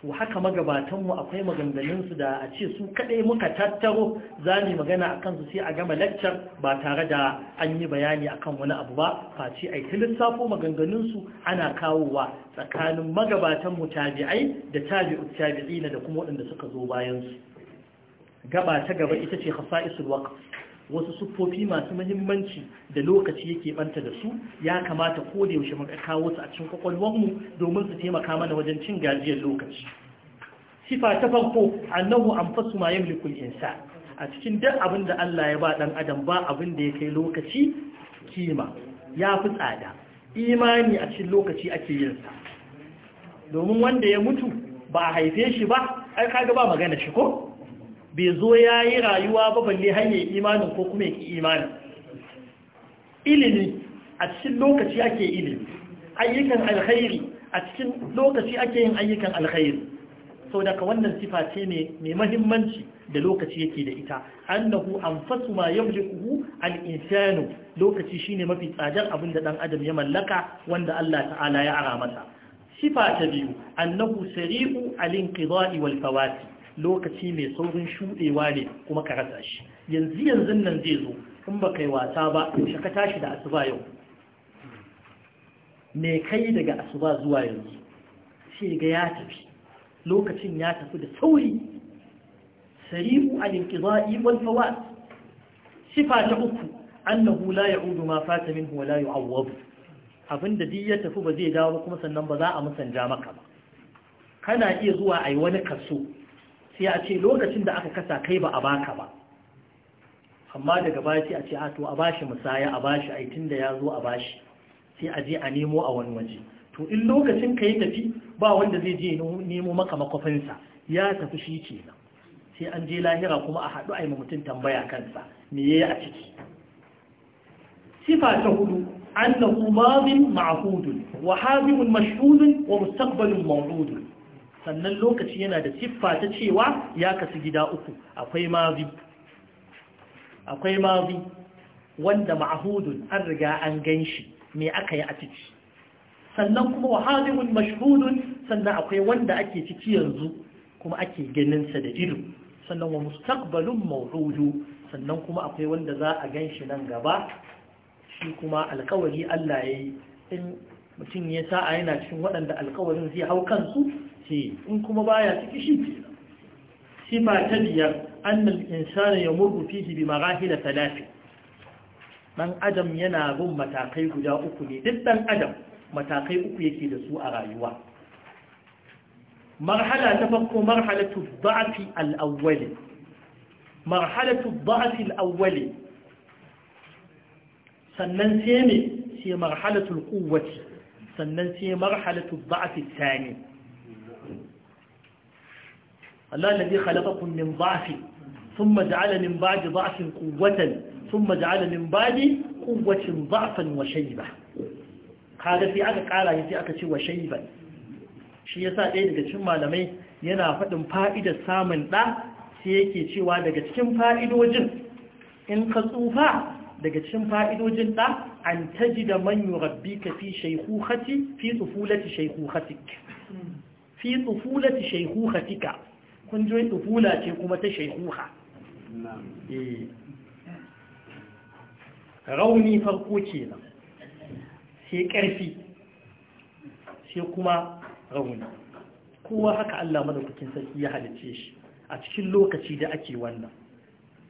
S1: to haka magabatanmu akwai maganganunsu da a ce su kaɗai muka tattaro za mu magana a kansu sai a gama laccar ba tare da an yi bayani akan wani abu ba face a lissafo maganganunsu ana kawowa tsakanin magabatanmu tabi'ai da tabi'u tabi'ina da kuma waɗanda suka zo bayansu gaba ta gaba ita ce khasa'isul waqf wasu siffofi masu mahimmanci da lokaci yake banta da su ya kamata ko da yaushe muka kawo su a cikin mu domin su taimaka mana wajen cin gajiyar lokaci sifa ta farko annahu anfasu ma yamliku al insa. a cikin duk abin da Allah ya ba dan adam ba abin da ya kai lokaci kima ya fi tsada imani a cikin lokaci ake yin sa domin wanda ya mutu ba a haife shi ba ai kaga ba magana shi ko bai zo ya yi rayuwa ba balle hanyar imanin ko kuma yake imanin ilimi a cikin lokaci ake ilimi ayyukan alkhairi a cikin lokaci ake yin ayyukan alkhairi sau daga wannan sifa ce ne mai mahimmanci da lokaci yake da ita annahu anfasu ma yamlikuhu al-insanu lokaci shine mafi tsadar abin da ɗan adam ya mallaka wanda Allah ta'ala ya ara masa sifa ta biyu annahu sari'u al-inqida'i wal fawati lokaci mai saurin shuɗewa ne kuma ka rasa shi yanzu yanzu nan zai zo in ba kai wasa ba yaushe ka tashi da asuba yau me kai daga asuba zuwa yanzu sai ga ya tafi lokacin ya tafi da sauri sari'u al-inqida'i wal fawat sifa ta uku annahu la ya'udu ma fata minhu wa la yu'awwadu abinda duk ya tafi ba zai dawo kuma sannan ba za a musanja maka ba kana iya zuwa ai wani kaso sai a ce lokacin da aka kasa kai ba a baka ba amma daga baya sai a ce a to a bashi musaya a bashi ai tunda ya zo a bashi sai a je a nemo a wani waje to in lokacin ka yi tafi ba wanda zai je nemo maka makwafinsa ya tafi shi nan, sai an je lahira kuma a haɗu a yi mutum tambaya kansa me ya yi a ciki sifa ta hudu annahu madin ma'hudun wa habimun mashhudun wa mustaqbalun mawdudun sannan lokaci yana da siffa ta cewa ya kasu gida uku akwai mazi akwai mazi wanda ma'ahudun an riga an gan shi me aka yi a ciki sannan kuma wahadimun mashhudun sannan akwai wanda ake ciki yanzu kuma ake ganinsa da ido sannan wa mustaqbalun mawudu sannan kuma akwai wanda za a gan shi nan gaba shi kuma alkawari Allah ya yi in mutum ya a yana cikin waɗanda alkawarin zai hau kansu ce in kuma baya ciki shi ke sifa ta biyar annal insani ya murgu fihi bi marahila talafi dan adam yana bin matakai guda uku ne duk dan adam matakai uku yake da su a rayuwa marhala ta farko marhalatu dha'fi al-awwal marhalatu dha'fi al-awwal sannan sai ne sai marhalatu al-quwwati sannan sai marhalatu da'afi tani Allah alladhi khalaqakum min da'fi thumma ja'ala min ba'di da'fin quwwatan thumma ja'ala min ba'di quwwatin da'fan wa ba. Kada sai aka kara sai aka ce wa shayba shi sa ɗaya daga cikin malamai yana faɗin fa'idar samun ɗa sai yake cewa daga cikin fa'idojin in ka tsufa daga cikin fa'idojin ɗa an tajida man yurabbika fi shaykhukhati fi tufulati shaykhukhati fi tufulati shaykhukhati kun ji tufula ce kuma ta shaykhuha eh. rauni farko kenan sai karfi sai kuma rauni kowa haka Allah madaukakin sarki ya halicce shi a cikin lokaci da ake wannan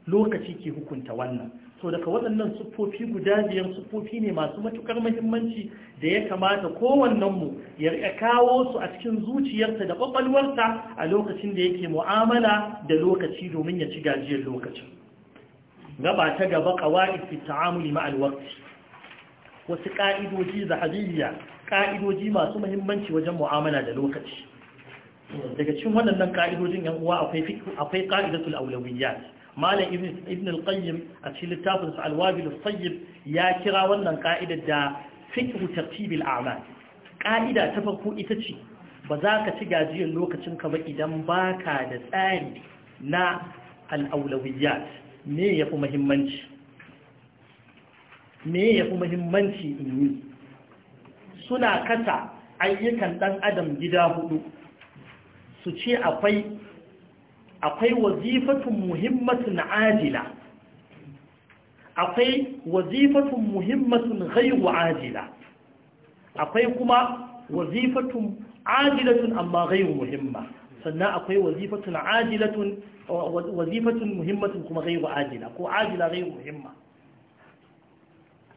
S1: lokaci ke hukunta wannan so daga waɗannan siffofi guda biyar siffofi ne masu matukar muhimmanci da ya kamata kowannenmu ya kawo su a cikin zuciyarsa da ƙwaƙwalwarsa a lokacin da yake mu'amala da lokaci domin ya ci gajiyar lokacin gaba ta gaba ƙawa'id fi ta'amuli ma'al waqti wasu ƙa'idoji zahabiyya ƙa'idoji masu muhimmanci wajen mu'amala da lokaci daga cikin waɗannan ƙa'idojin yan uwa akwai akwai ƙa'idatul awlawiyyat malam ibn al-qayyim a cikin littafin sa al-wabil sayyib ya kira wannan ka'ida da fiqh tartibil a'mal ka'ida ta farko ita ce ba za ka ci gajiyar lokacin ka ba idan baka da tsari na al-awlawiyat me yafi muhimmanci me yafi muhimmanci in yi suna kasa ayyukan dan adam gida hudu su ce akwai akwai wazifatun muhimmatun ajila akwai wazifatun muhimmatun ghairu ajila akwai kuma wazifatun ajilatun amma ghairu muhimma sannan akwai wazifatun ajilatun wazifatun muhimmatun kuma ghairu ajila ko ajila ghairu muhimma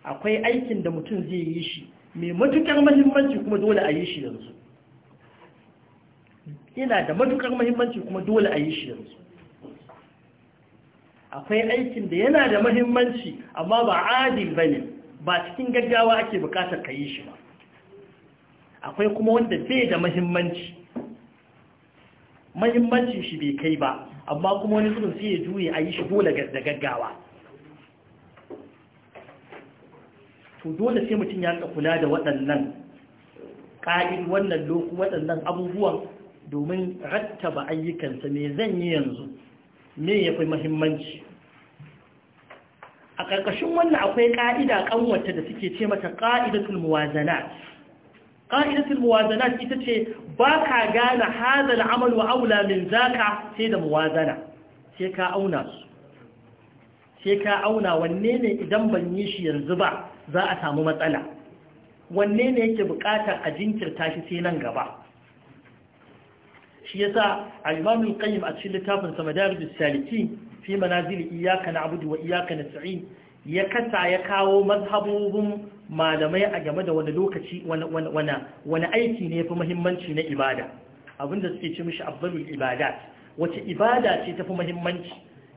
S1: akwai aikin da mutum zai yi shi mai matukar muhimmanci kuma dole a yi shi yanzu yana da matukar mahimmanci kuma dole a yi shi yanzu akwai aikin da yana da mahimmanci amma ba adil ba ne ba cikin gaggawa ake bukatar ka yi shi ba akwai kuma wanda bai da mahimmanci mahimmancin shi bai kai ba amma kuma wani sulun sai ya juye a yi shi dole da gaggawa to dole sai mutum ya kula da waɗannan ƙa'in wannan loku waɗannan abubuwan domin rattaba ayyukansa me zan yi yanzu me ya fi mahimmanci a ƙarƙashin wannan akwai ƙa'ida ƙanwata da suke ce mata ƙa'idatul muwazanat ƙa'idatul muwazanat ita ce ba ka gane hazal al'amal wa aula min zaka sai da muwazana sai ka auna su sai ka auna wanne ne idan ban yi shi yanzu ba za a samu matsala wanne ne yake buƙatar a jinkirta shi sai nan gaba shi yasa sa imam al-qayyim a cikin littafin sa madarijus fi fi iyaka na na'budu wa na sa'i ya kasa ya kawo mazhabobin malamai a game da wani lokaci wani aiki ne fi muhimmanci na ibada abinda suke ci mishi afdalul ibada wace ibada ce tafi muhimmanci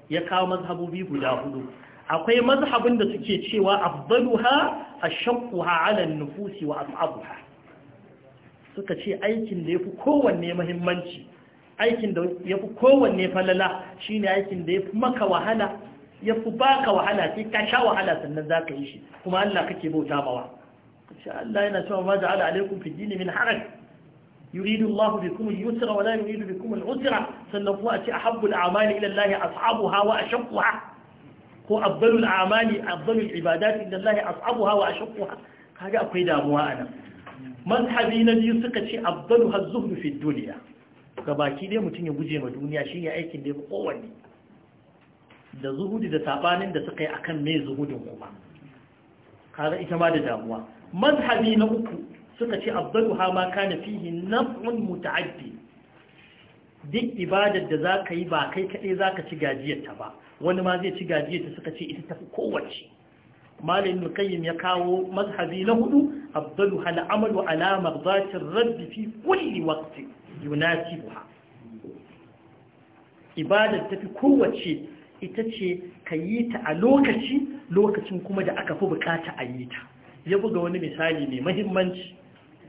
S1: ya kawo mazhabobi guda hudu akwai mazhabin da suke cewa afdaluha ashaqquha ala an-nufusi wa ha. suka ce aikin da ya fi kowanne mahimmanci aikin da ya fi kowanne falala shi ne aikin da ya fi maka wahala ya fi ba ka wahala sai ka sha wahala sannan za ka yi shi kuma Allah kake bauta mawa insha Allah yana cewa ma ja'ala alaikum fi dini min haraj yuridu Allah bikum al-yusra wa la yuridu bikum al-usra sannan kuma a ce ahabbu al-a'mali ila Allah ashabuha wa ashaqquha ko afdalu al-a'mali afdalu al-ibadati ila Allah ashabuha wa ha kaga akwai damuwa anan mazhabi na biyu suka ce abdalu hazzuhdu fi duniya gabaki dai mutum ya guje ma duniya shine aikin da ya kowanne da zuhudi da sabanin da suka yi akan me zuhudin kuma kaga ita ma da damuwa mazhabi na uku suka ce abdalu ha ma na fihi naf'un muta'addi duk ibadar da zaka yi ba kai za zaka ci gajiyar ta ba wani ma zai ci gajiyar ta suka ce ita tafi kowace malin nukayin ya kawo mazhabi na hudu abdullu hal'amalu alamar zatin rabbi fi kulli wakti yunasi buha ibadar tafi kowace ita ce ka yi ta a lokaci lokacin kuma da aka fi bukata a yi ta ya buga wani misali mai mahimmanci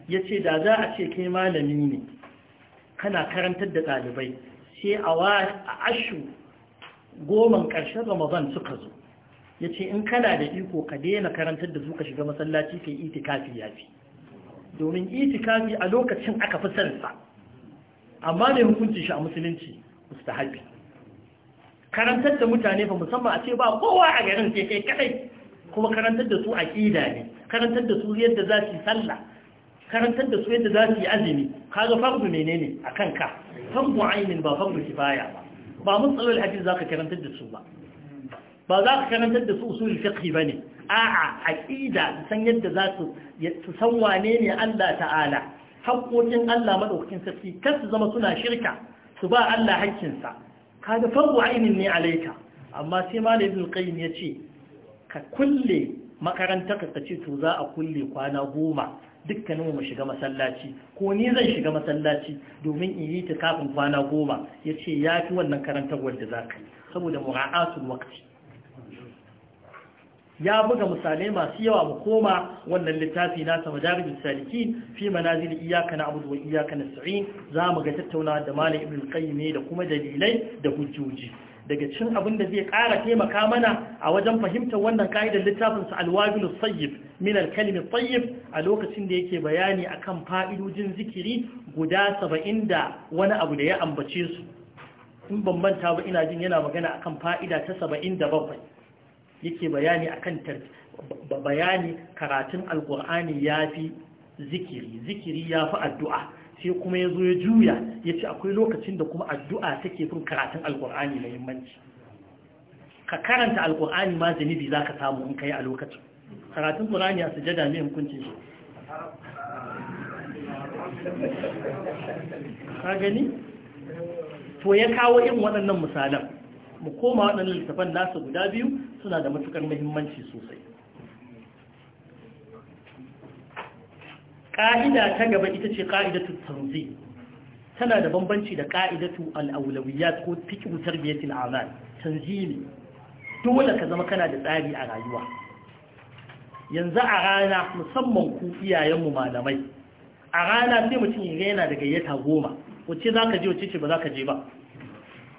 S1: ya ce da za a ce kai malami ne kana karantar da ɗalibai sai a ashu goma ƙarshen ramadan suka zo ya ce in kana da iko ka daina karantar da su ka shiga masallaci ka yi itikafi ya fi domin itikafi a lokacin aka fi sansa amma ne hukunci shi a musulunci mustahabi karantar da mutane ba musamman a ce ba kowa a garin sai kai kadai kuma karantar da su a ƙida ne karantar da su yadda za su yi sallah karantar da su yadda za su yi azumi kaga fardu menene akan ka fardu ainin ba fardu kifaya ba ba mun tsawon zaka karantar da su ba ba za ka karantar da su usulul ba bane a'a aqida san yadda za su su san wane ne Allah ta'ala haƙoƙin Allah madaukakin sarki kar su zama suna shirka su ba Allah haƙƙin sa kaga farwa ainin ne alaika amma sai malam ibn qayyim yace ka kulle makarantar ka ce to za a kulle kwana goma dukkaninmu mu shiga masallaci ko ni zan shiga masallaci domin in yi ta kafin kwana goma ya ce ya fi wannan karantar wanda za ka yi saboda mura'atul waqti ya buga misalai masu yawa mu koma wannan littafi nasa madarij saliki fi manazil iyyaka na'budu wa iyyaka za zamu ga tattaunawa da malam ibn qayyim da kuma dalilai da hujjoji daga cikin abin da zai ƙara taimaka mana a wajen fahimtar wannan ka'idar littafin sa alwabilu sayyib min alkalimi tayyib a lokacin da yake bayani akan fa'idojin zikiri guda 70 da wani abu da ya ambace su in ban ba ina jin yana magana akan fa'ida ta 77 yake bayani akan bayani karatun alkur'ani ya fi zikiri zikiri ya fi addu'a sai kuma ya zo ya juya ya ce akwai lokacin da kuma addu'a take fin karatun alkur'ani mahimmanci ka karanta alkur'ani ma zanibi za ka samu in ka yi a lokacin karatun ƙur'ani a sujada mai hukuncin shi ka gani to ya kawo irin waɗannan misalan mu koma waɗannan littafan nasa guda biyu suna da matukar muhimmanci sosai ƙa'ida ta gaba ita ce ƙa'idatu tanzi tana da bambanci da ƙa'idatu al'aulawiyat ko wutar tarbiyyatul amal tanzi ne dole ka zama kana da tsari a rayuwa yanzu a rana musamman ku iyayenmu malamai a rana sai mutum ya yana da gayyata goma wacce za ka je wacce ce ba za ka je ba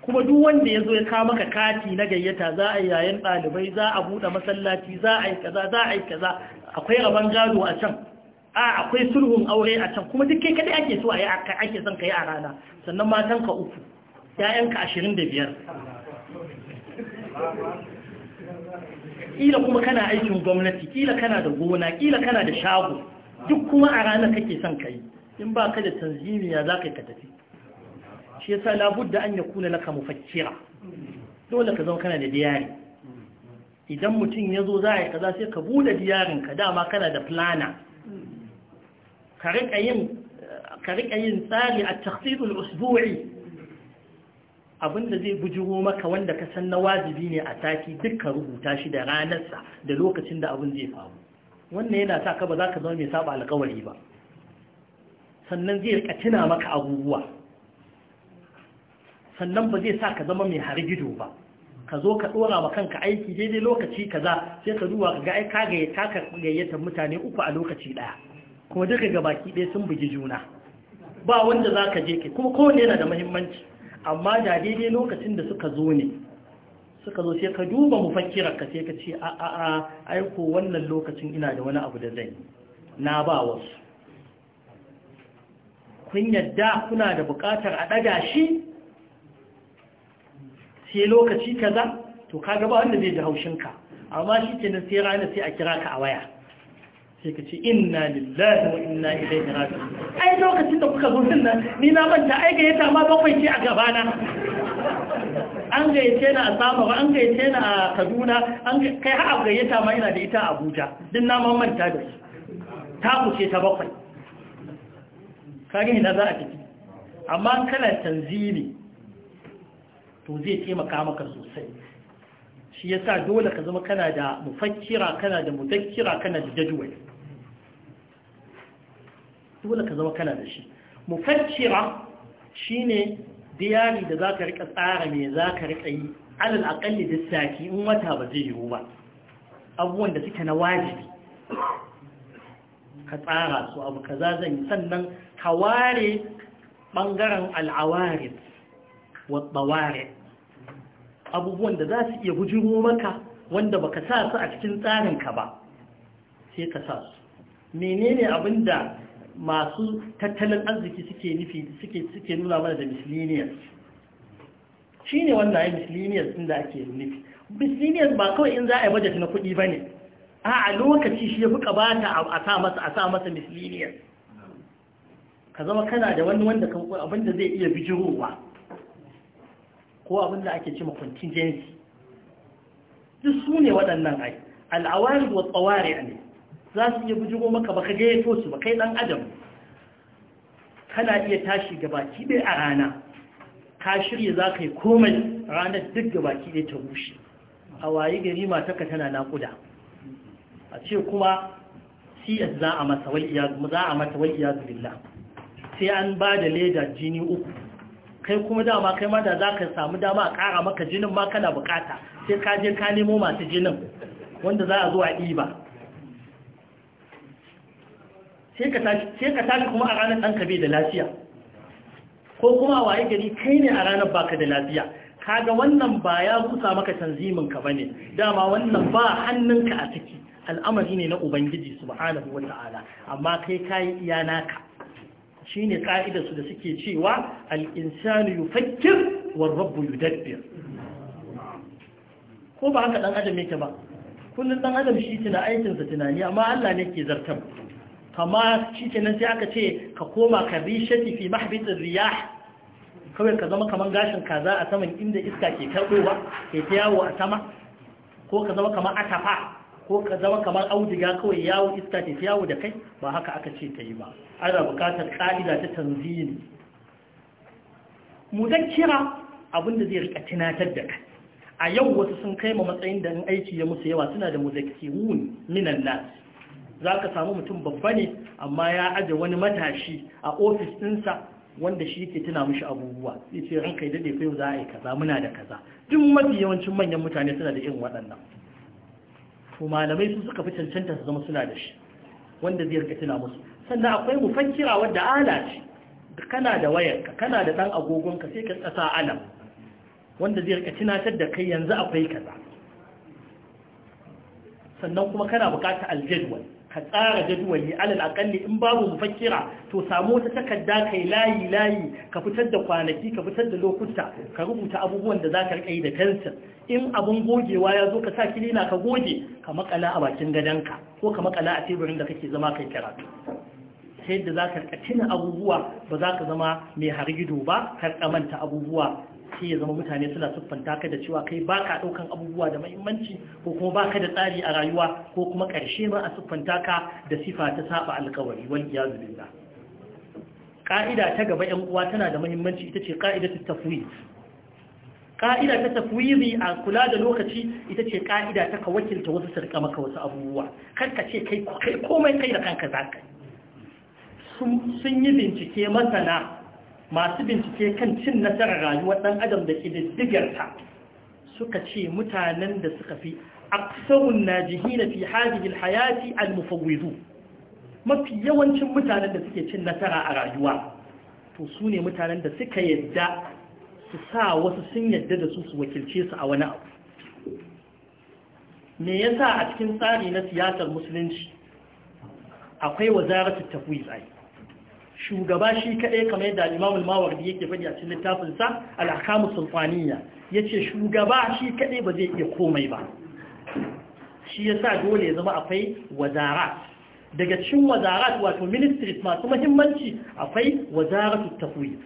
S1: kuma duk wanda ya zo ya kawo maka kati na gayyata za a yi yayin ɗalibai za a buɗe masallaci za a yi kaza za a yi kaza akwai rabon gado a can a akwai sulhun aure a can kuma duk kai kadai ake so a yi ake son ka yi a rana sannan matan ka uku ‘ya'yanka ashirin da biyar
S2: ƙila kuma kana aikin
S1: gwamnati ƙila kana da gona ƙila kana da shago duk kuma a rana kake son ka yi in ba ka da tanzimiya za ka yi ka tafi shi yasa labudda an yakuna laka mufakkira dole ka zama kana da diyari idan mutum ya zo za a yi kaza sai ka bude ka dama kana da plana ka rika yin tsari a taksitul usbu'i abinda zai bujiro maka wanda ka san na wajibi ne a sati dukkan rubuta shi da ranarsa da lokacin da abin zai faru wannan yana sa ka ba za ka zama mai saba alkawari ba sannan zai rika tuna maka abubuwa sannan ba zai sa ka zama mai hargido ba ka zo ka dora wa kanka aiki daidai lokaci kaza sai ka duba ka ga ai ka ga ta gayyata mutane uku a lokaci daya kuma duka ga baki ɗaya sun bugi juna ba wanda za ka je ki kuma kowane yana da muhimmanci amma da daidai lokacin da suka zo ne suka zo sai ka duba mufakkirar ka sai ka ce a a a aiko wannan lokacin ina da wani abu da zan yi na ba wasu kun yadda kuna da buƙatar a ɗaga shi sai lokaci kaza to kaga ba wanda zai ji haushinka amma shi ke nan sai rana sai a kira ka a waya sai ka ce inna lillahi wa inna ilaihi raji'un ai lokacin da kuka zo din nan ni na manta ai ga yata ma bakwai ce a gabana an gayyace na a Samawa an gayyace na a Kaduna an kai har gayyata ma ina da ita a Abuja din na ma manta da su ta kuce ta bakwai kage ina za a tafi amma kana tanzili to zai taimaka maka sosai shi yasa dole ka zama kana da mufakkira kana da mudakkira kana da jadwal dole ka zama kana da shi mufakkira shine diyari da zaka rika tsara me zaka rika yi alal aqalli da sati in wata ba zai yiwu ba abubuwan da suke na wajibi ka tsara su abu kaza zan yi sannan ka ware bangaren al'awarin. wattaware abubuwan da za su iya hujuru maka wanda baka sa su a cikin tsarinka ba sai ka sa su menene da masu tattalin arziki suke nufi suke suke nuna mana da Shi ne wannan ai miscellaneous inda ake nufi misliniyar ba kawai in za a yi bajet na kuɗi ne a a lokaci shi ya fi kabata a sa masa a sa masa misliniyar ka zama kana da wani wanda abinda zai iya bijirowa ko abinda da ake cima contingency duk su ne waɗannan ai al'awari wa tsawari ne za su iya bujiro maka baka gayyato su ba kai ɗan adam kana iya tashi gabaki ɗaya a rana ka shirya za ka yi komai ranar duk gabaki ɗaya ta rushe a waye gari mataka tana naƙuda a ce kuma Siyas za a mata wal'iyazu billah sai an ba da leda jini uku kai kuma dama kai mata za ka samu dama a kara maka jinin ma kana bukata sai ka je ka nemo masu jinin wanda za a zo a ɗiba sai ka tafi kuma a ranar ɗanka bai da lafiya ko kuma waye gari kai ne a ranar baka da lafiya Ka ga wannan ba ya kusa maka tanziminka ba ne dama wannan ba hannunka a ciki al'amari ne na ubangiji subhanahu wa ta'ala amma kai kayi iya naka shine ka'idar su da suke cewa al-insanu yufakkir wa rabbu yudabbir ko ba haka ɗan adam yake ba kullun ɗan adam shi tana aikinsa tunani amma Allah ne ke zartar kama shi kenan sai aka ce ka koma ka rishati fi mahbit riyah kawai ka zama kaman gashin kaza a saman inda iska ke karbowa ke ta yawo a sama ko ka zama kaman atafa ko ka zama kamar auduga kawai yawo iska ke yawo da kai ba haka aka ce ta yi ba ana bukatar ƙa'ida ta tanzini kira abinda zai rika tunatar da kai a yau wasu sun kai ma matsayin da in aiki ya musu yawa suna da muzakkirun minan nan za ka samu mutum babba ne amma ya aje wani matashi a ofis ɗinsa wanda shi ke tuna mishi abubuwa zai ce ranka ya dade kai za a yi kaza muna da kaza duk mafi yawancin manyan mutane suna da irin waɗannan to malamai su suka fi cancanta su zama suna da shi wanda zai rika tuna musu sannan akwai mufankira wadda ala ce kana da wayarka kana da dan agogonka sai ka tsasa alam wanda zai rika tunatar da kai yanzu akwai kaza sannan kuma kana bukatar aljadwal ka tsara jadwali alal akalli in babu mufakkira to samu wata takarda kai layi layi ka fitar da kwanaki ka fitar da lokuta ka rubuta abubuwan da zaka rika yi da kansa in abun gogewa ya zo ka sa kilina ka goge ka makala a bakin gadanka ko ka makala a teburin da kake zama kai karatu sai yadda za ka tuna abubuwa ba za ka zama mai hargido ba ka manta abubuwa sai ya zama mutane suna siffanta ka da cewa kai baka daukan abubuwa da muhimmanci ko kuma baka da tsari a rayuwa ko kuma karshe ma a siffanta ka da sifa ta saba alkawari wal iyazu billah ka'ida ta gaba ɗan uwa tana da muhimmanci ita ce ta tafwid ka'ida ta tafwidi a kula da lokaci ita ce ka'ida ta ka wakilta wasu sarka maka wasu abubuwa Kar ka ce kai komai kai da kanka zaka sun yi bincike masana masu bincike kan cin nasarar rayuwar ɗan adam da ƙididdigarta suka ce mutanen da suka fi aksarun na fi hajjil hayati al-mufawwizu mafi yawancin mutanen da suke cin nasara a rayuwa to su ne mutanen da suka yadda su sa wasu sun yadda da su su wakilce su a wani abu me yasa a cikin tsari na siyasar musulunci akwai wazaratu tafwiz ai shugaba shi kaɗai kamar yadda mawar mawardi yake faɗi a cikin littafinsa al'akamu sulfaniya ya ce shugaba shi kaɗai ba zai iya komai ba shi ya sa dole ya zama akwai wazarat daga cikin wazarat wato ministries masu mahimmanci akwai wazaratu tafiye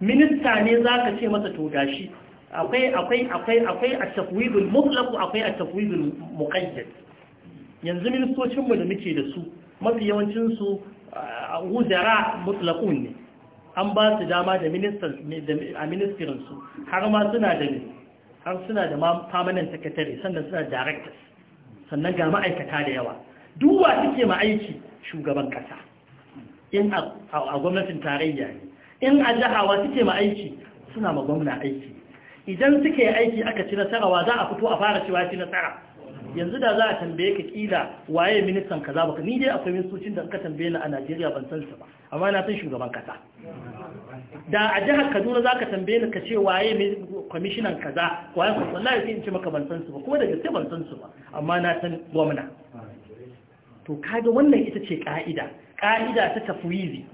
S1: minista ne za ka ce masa to gashi akwai akwai akwai akwai a akwai a yanzu ministocinmu da muke da su mafi yawancinsu wuzara mutlaqun ne an ba su dama da ministirinsu har ma suna da har suna da permanent secretary sannan suna directors sannan ga ma'aikata da yawa duwa suke ma'aiki shugaban kasa in a gwamnatin tarayya ne in a jihawa suke ma'aiki suna ma gwamna aiki idan suke aiki aka ci nasarawa za a fito a fara cewa ci nasara yanzu da za a tambaye ka kila waye ministan kaza baka ni dai akwai ministocin da aka tambaye ni a Najeriya ban san su ba amma na san shugaban kasa da a jihar Kaduna za ka tambaye ni ka ce waye kwamishinan kaza waye wallahi sai in ce maka ban san su ba ko da sai ban san su ba amma na san gwamna to kaga wannan ita ce ka'ida ka'ida ta tafwizi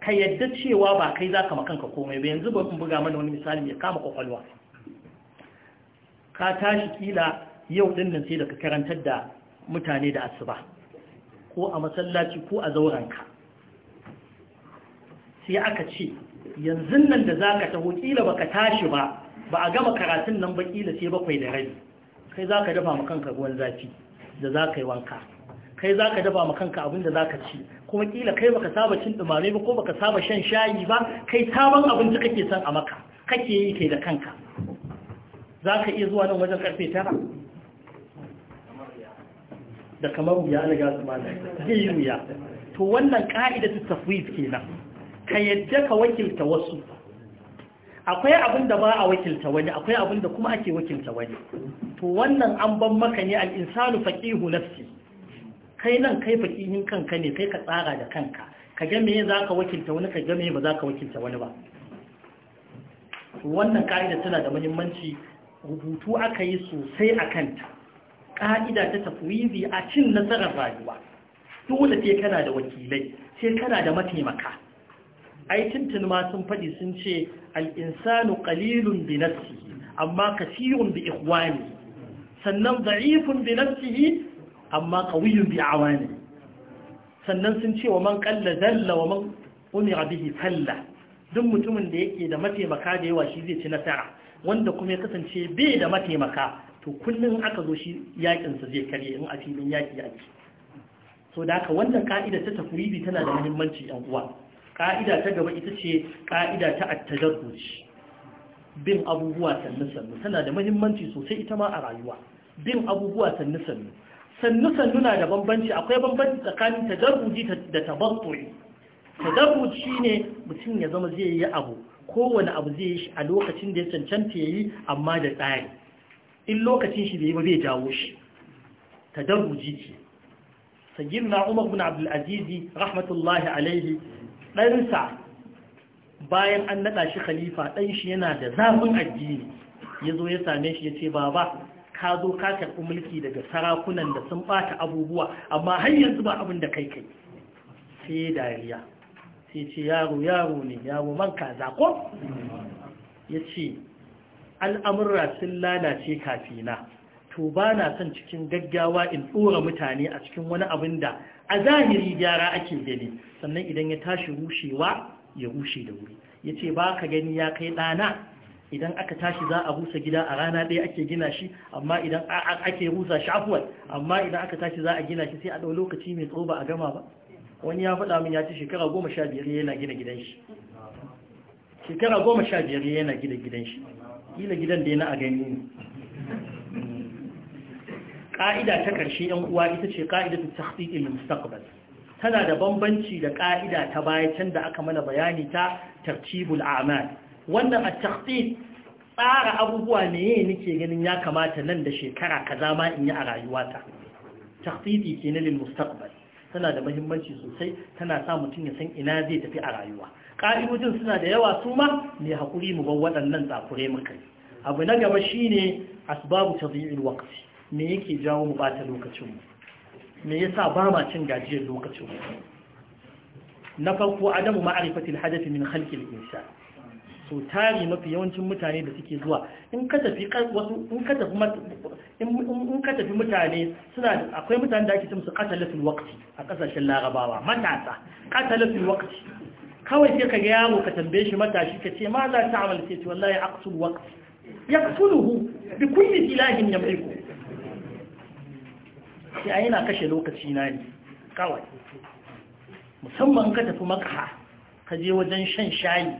S1: ka yadda cewa ba kai za maka kanka komai ba yanzu ba buga mana wani misali mai kama kwakwalwa ka tashi kila yau ɗin nan sai da ka karantar da mutane da asuba ko a masallaci ko a zauranka sai aka ce yanzu nan da za ka taho ba ka tashi ba ba a gama karatun nan ba ƙila sai bakwai da rabi kai za ka dafa kanka ruwan zafi da za ka yi wanka kai za ka dafa kanka abin da za ka ci kuma ƙila kai baka saba cin ɗumame ba ko baka saba shan shayi ba kai sabon abinci kake son a maka kake yi kai da kanka za ka iya zuwa nan wajen ƙarfe tara da kamar wuya na gasu mana zai yi wuya to wannan ka'ida ta ke kenan ka yadda ka wakilta wasu akwai abin da ba a wakilta wani akwai abin da kuma ake wakilta wani to wannan an ban maka ne al-insanu faqihu nafsi kai nan kai faqihin kanka ne kai ka tsara da kanka ka ga me ka wakilta wani ka ga me ba ka wakilta wani ba wannan ka'ida tana da muhimmanci rubutu aka yi sosai a kanta ƙa'ida ta tafwizi a cin nasarar rayuwa dole sai kana da wakilai sai kana da mataimaka ai tuntun ma sun faɗi sun ce al'insanu ƙalilun bi nafsihi amma kasirun bi ikhwani sannan za'ifun bi nafsihi amma qawiyun bi awani sannan sun ce wa man ƙalla, zalla wa man umira bihi falla duk mutumin da yake da mataimaka da yawa shi zai ci nasara wanda kuma ya kasance bai da mataimaka to kullum aka zo shi yakinsa zai karye in a filin yaki yaki so da haka wannan ka'ida ta tafwidi tana da muhimmanci yan uwa ka'ida ta gaba ita ce ka'ida ta at bin abubuwa sannu sannu tana da muhimmanci sosai ita ma a rayuwa bin abubuwa sannu sannu sannu sannu na da bambanci akwai bambanci tsakanin tajarruji da tabarturi tadarruj shine mutum ya zama zai yi abu kowane abu zai yi a lokacin da ya cancanta yayi amma da tsari in lokacin shi bai ba zai jawo shi Ta jiki Sayyid na Umar bin abdul'azizi rahmatullahi alaihi ɗansa bayan an naɗa shi khalifa ɗan shi yana da zafin addini ya zo ya same shi ya ce ba ka zo ka karɓi mulki daga sarakunan da sun ɓata abubuwa amma har yanzu ba abin da kai kai sai dariya sai ce yaro yaro ne yawo man kaza ko ya ce al'amurra sun lalace kafina to ba na son cikin gaggawa in ɗora mutane a cikin wani abin da a zahiri gyara ake gani sannan idan ya tashi rushewa ya rushe da wuri ya ce ba ka gani ya kai ɗana idan aka tashi za a rusa gida a rana ɗaya ake gina shi amma idan ake rusa shafuwar amma idan aka tashi za a gina shi sai a ɗau lokaci mai tsoba a gama ba wani ya faɗa min ya ce shekara goma sha biyar yana gina gidan shi shekara goma sha biyar yana gina gidan shi kila gidan da yana a gani ne ƙa'ida ta ƙarshe ‘yan uwa ita ce ƙa'ida ta tahqiqil tana da bambanci da ƙa'ida ta baya can da aka mana bayani ta tartibul a'mal wannan a tahqiq tsara abubuwa ne nake ganin ya kamata nan da shekara ka zama in yi a rayuwata tahqiqi ke lil mustaqbal tana da mahimmanci sosai tana sa mutum ya san ina zai tafi a rayuwa ƙa'idojin suna da yawa su ma ne haƙuri mu bar waɗannan tsakure muka abu na gaba shine ta tadhi'il waqti me yake jawo mu bata lokacinmu? me yasa ba ma cin gajiyar lokacinmu? na farko adamu ma'rifatil Hadafi min khalqil insan so tari mafi yawancin mutane da suke zuwa in ka tafi wasu in ka tafi in ka tafi mutane suna akwai mutane da ake cin su qatalatul waqti a kasashen larabawa matasa qatalatul waqti kawai sai ka ga yaro ka tambaye shi matashi ka ce ma za ta amal sai ce wallahi aqsul waqt yaqsuluhu bi kulli ilahin yamliku sai ai kashe lokaci na ne kawai musamman ka tafi makka ka je wajen shan shayi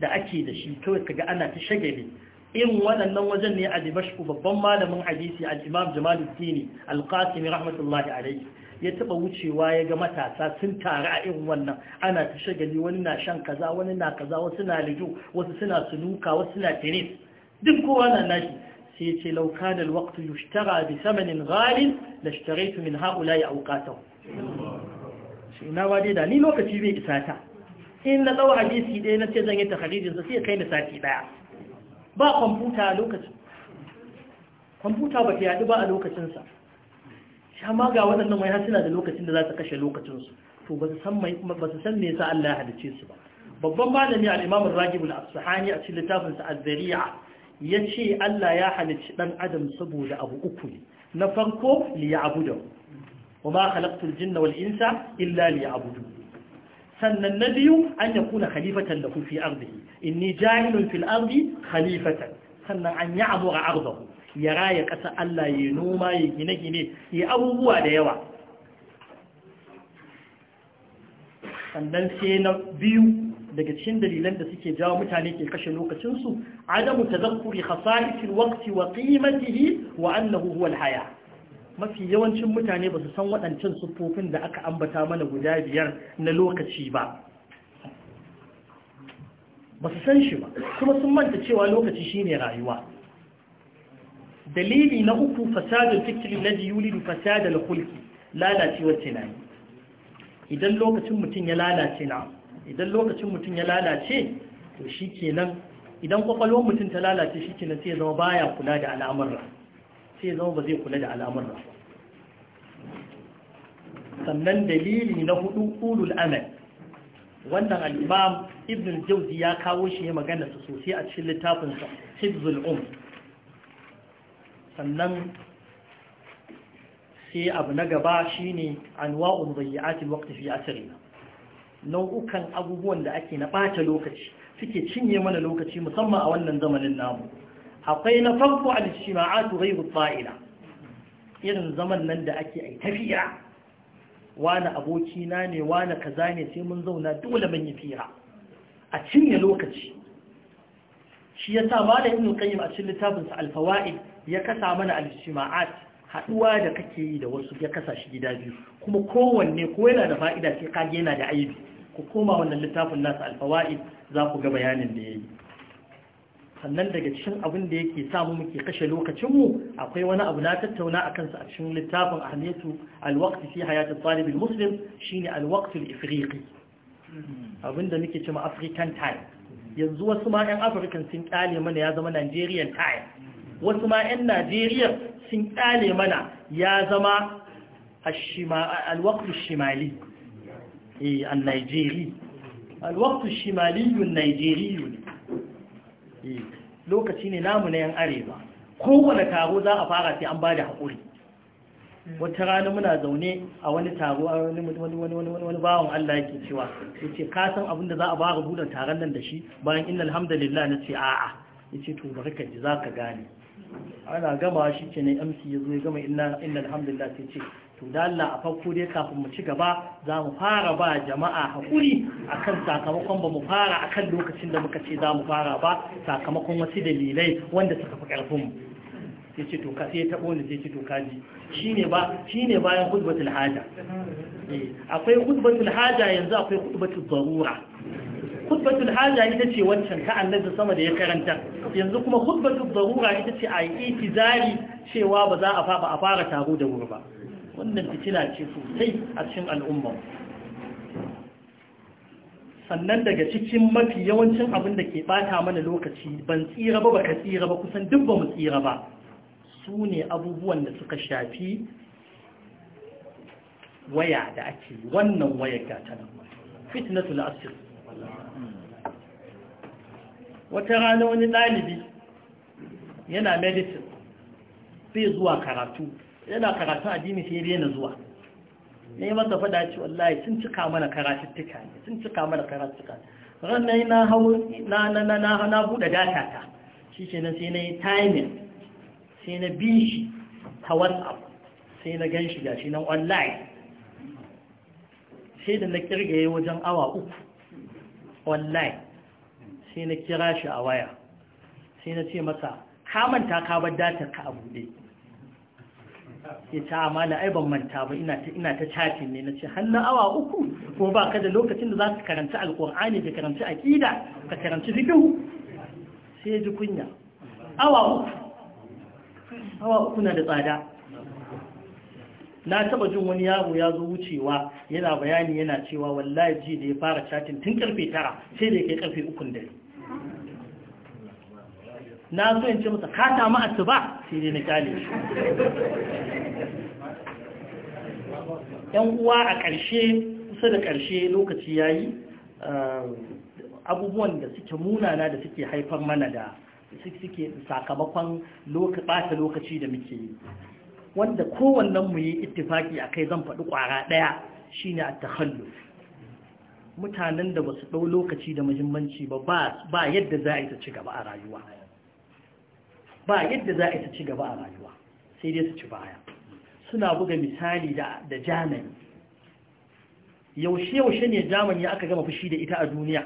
S1: da ake da shi kawai kaga ana ta shagale in waɗannan wajen ne a dimashku babban malamin hadisi al-imam jamaluddin al-qasimi rahmatullahi alayhi ya taba wucewa ya ga matasa sun taru a irin wannan ana ta shagali wani na shan kaza wani na kaza wasu na lijo wasu suna sunuka wasu suna tennis duk kowa na nashi sai ya ce lauka da alwaktu yushtara bi samanin ghalin la ishtaraitu min haula ya auqatahu shi na wade da ni lokaci bai isa ta in na dau hadisi ɗaya na ce zan yi tahrijin sa ya kai ni sati daya ba kwamfuta a lokacin kwamfuta ba ta ba a lokacinsa sha ma ga waɗannan wai har suna da lokacin da za su kashe lokacinsu to ba su san mai su me yasa Allah ya halice su ba babban malami al-Imam Ar-Ragib al a cikin littafin sa az ya ce Allah ya halicci dan adam saboda abu uku ne na farko li ya'budu wa ma khalaqtu al-jinna wal insa illa li ya'budu sannan na biyu an yakuna khalifatan lahu fi ardihi inni ja'ilun fil ardi khalifatan sannan an ya'mura ardahu ya raya ƙasa Allah ya noma ya gine-gine ya abubuwa da yawa sannan sai na biyu daga cikin dalilan da suke jawo mutane ke kashe lokacinsu adamu tazakkuri khasaisil waqti wa qimatihi wa annahu huwa haya mafi yawancin mutane ba su san waɗancan siffofin da aka ambata mana guda biyar na lokaci ba ba su san shi ba kuma sun manta cewa lokaci shine rayuwa dalili na uku fasadul fikri alladhi yulidu fasadul khulqi lalacewar tunani idan lokacin mutum ya lalace na idan lokacin mutum ya lalace to shi shikenan idan kwakwalwar mutum ta lalace shi shikenan sai zama baya kula da al'amurra sai zama ba zai kula da al'amurra sannan dalili na hudu ulul amal wannan al'imam ibn jauzi ya kawo shi ya magana su sosai a cikin littafinsa hibzul umr sannan sai abu na gaba shine anwa'un dayyi'atil waqti fi asrina nau'ukan abubuwan da ake na bata lokaci suke cinye mana lokaci musamman a wannan zamanin namu akwai na farko al-ijtima'atu ghayru ta'ila irin zaman nan da ake ai tafiya wani aboki na ne wani kaza ne sai mun zauna dole mun yi fira a cinye lokaci shi yasa sa ibn qayyim a cikin littafin sa ya kasa mana al-ijtima'at haduwa da kake yi da wasu ya kasa shi gida biyu kuma kowanne ko yana da fa'ida sai kage yana da aibi ku koma wannan littafin nasu al-fawaid za ku ga bayanin da yayi sannan daga cikin abin da yake mu muke kashe lokacin mu akwai wani abu na tattauna akan sa a cikin littafin ahmetu alwakti fi hayatul talibin muslim shine alwaktul ifriqi abinda muke cewa african time yanzu wasu ma yan african sun kyale mana ya zama nigerian time wasu ma 'yan najeriya sun ƙale mana ya zama alwaktu shimali eh, a nigeria alwaktu shimaliyun ne, eh, lokaci ne namu na yan arewa kowane taro za a fara sai an ba da haƙuri wata rana muna zaune a wani taro a wani bawon Allah yake cewa ya ce kasan da za a ba buɗe taron nan da shi bayan inna alhamdulillah na ce a'a ya ce to bari za ka gane ana gama shi ke ne amsi ya zo ya gama inna alhamdulillah sai ce to da Allah a farko dai kafin mu ci gaba za mu fara ba jama'a hakuri akan sakamakon ba mu fara akan lokacin da muka ce za mu fara ba sakamakon wasu dalilai wanda suka fi karfin sai ce to ka sai ta bone sai ce to ka ji shine ba bayan hudbatul haja eh, akwai hudbatul haja yanzu akwai hudbatul zarura. khutbatul haja ita ce wancan ta annabi sama da ya karanta yanzu kuma khutbatul darura ita ce a yi itizari cewa ba za a fa ba a fara taro da wuri ba wannan fitila ce sosai a cikin al'umma sannan daga cikin mafi yawancin abin da ke bata mana lokaci ban tsira ba baka tsira ba kusan duk ba mu tsira ba su ne abubuwan da suka shafi waya da ake wannan waya gata nan fitnatul asir wata rana wani ɗalibi yana medicine sai zuwa karatu yana karatu addini sai rena zuwa ne yi masa fada ce wallahi sun cika mana karatuttuka ne sun cika mana karatuttuka ranar na hau na na na na na buɗe data ta shi ke nan sai na yi timing sai na bi shi ta whatsapp sai na gan shi shi nan online sai da na kirgaye wajen awa uku online sai na kira shi a waya sai na ce masa ka manta ka bar data ka a buɗe ya ce amma ai ban manta ba ina ta ina chatin ne na ce har na awa uku ko ba ka da lokacin da za ka karanci Alƙur'ani, da karanci aƙida ka karanci fiqh sai ji kunya awa uku awa uku na da tsada na taba jin wani yaro ya zo wucewa yana bayani yana cewa wallahi ji da ya fara chatin tun karfe tara sai da ya kai karfe ukun dare na so in ce masa ka samu asuba sai dai na kyale shi yan uwa a ƙarshe kusa da ƙarshe lokaci yayi eh, abubuwan da suke munana da suke haifar mana da suke sakamakon ɓata lokaci da muke yi wanda kowannen mu yi ittifaki kai zan faɗi ƙwara ɗaya shi ne a tahallu mutanen da ba su ɗau lokaci da muhimmanci ba ba yadda za a yi ta ci gaba a rayuwa ba yadda za a ci gaba a rayuwa sai dai su ci baya suna buga misali da jamani yaushe-yaushe ne jamani aka gama fushi da ita a duniya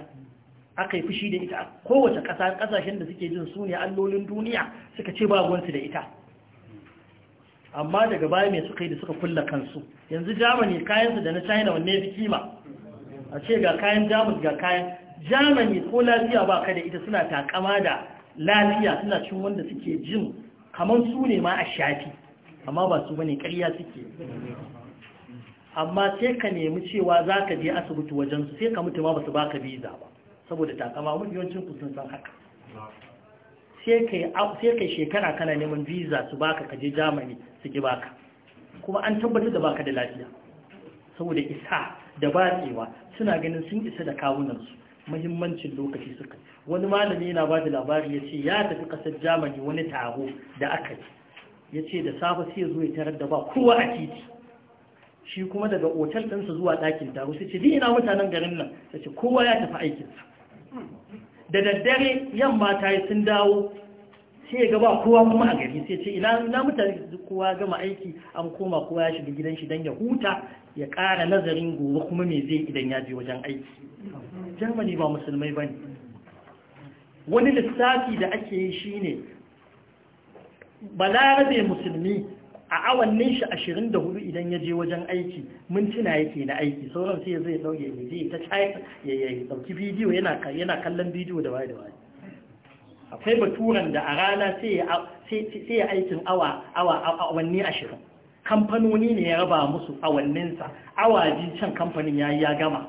S1: aka yi fushi da ita kowace kasashen ƙasashen da suke jin su ne allolin duniya suka ce ba da ita amma daga baya mai suka yi da suka kulla kansu yanzu germany kayansu da na china wanne fi kima a ce ga kayan jamus ga kayan germany ko lafiya ba kada da ita suna takama da lafiya suna cin wanda suke jin kamar su ne ma a shafi amma ba su bane ƙarya suke amma sai ka nemi cewa za ka je asibiti wajen su sai ka mutu ma ba su ba ka biza ba saboda takama mafi yawancin kusan san haka sai kai shekara kana neman visa su baka kaje germany su ki baka kuma an tabbatar da baka da lafiya saboda isa da batsewa suna ganin sun isa da kawunansu mahimmancin lokaci suka wani malami yana ba da labari ya ce ya tafi kasar jamani wani taro da aka yi ya ce da safe sai ya zo ya tarar da ba kowa a titi shi kuma daga otal ɗinsa zuwa ɗakin taro sai ce ni ina mutanen garin nan sai ce kowa ya tafi aikinsa da daddare yamma ta yi sun dawo sai ya gaba kowa kuma a gari sai ce ina mutane kowa gama aiki an koma kowa ya shiga gidan shi don ya huta ya kara nazarin gobe kuma mai zai idan ya je wajen aiki Jamani ba musulmai ba ne wani lissafi da ake yi shi ne balarabe musulmi a awannin shi ashirin da hudu idan ya je wajen aiki mintuna yake na aiki sauran sai zai dauke ya ta ya dauki bidiyo yana kallon bidiyo da waye da waye akwai baturan da a rana sai ya aikin awa awanni ashirin kamfanoni ne ya raba musu awanninsa awa ji can kamfanin ya ya gama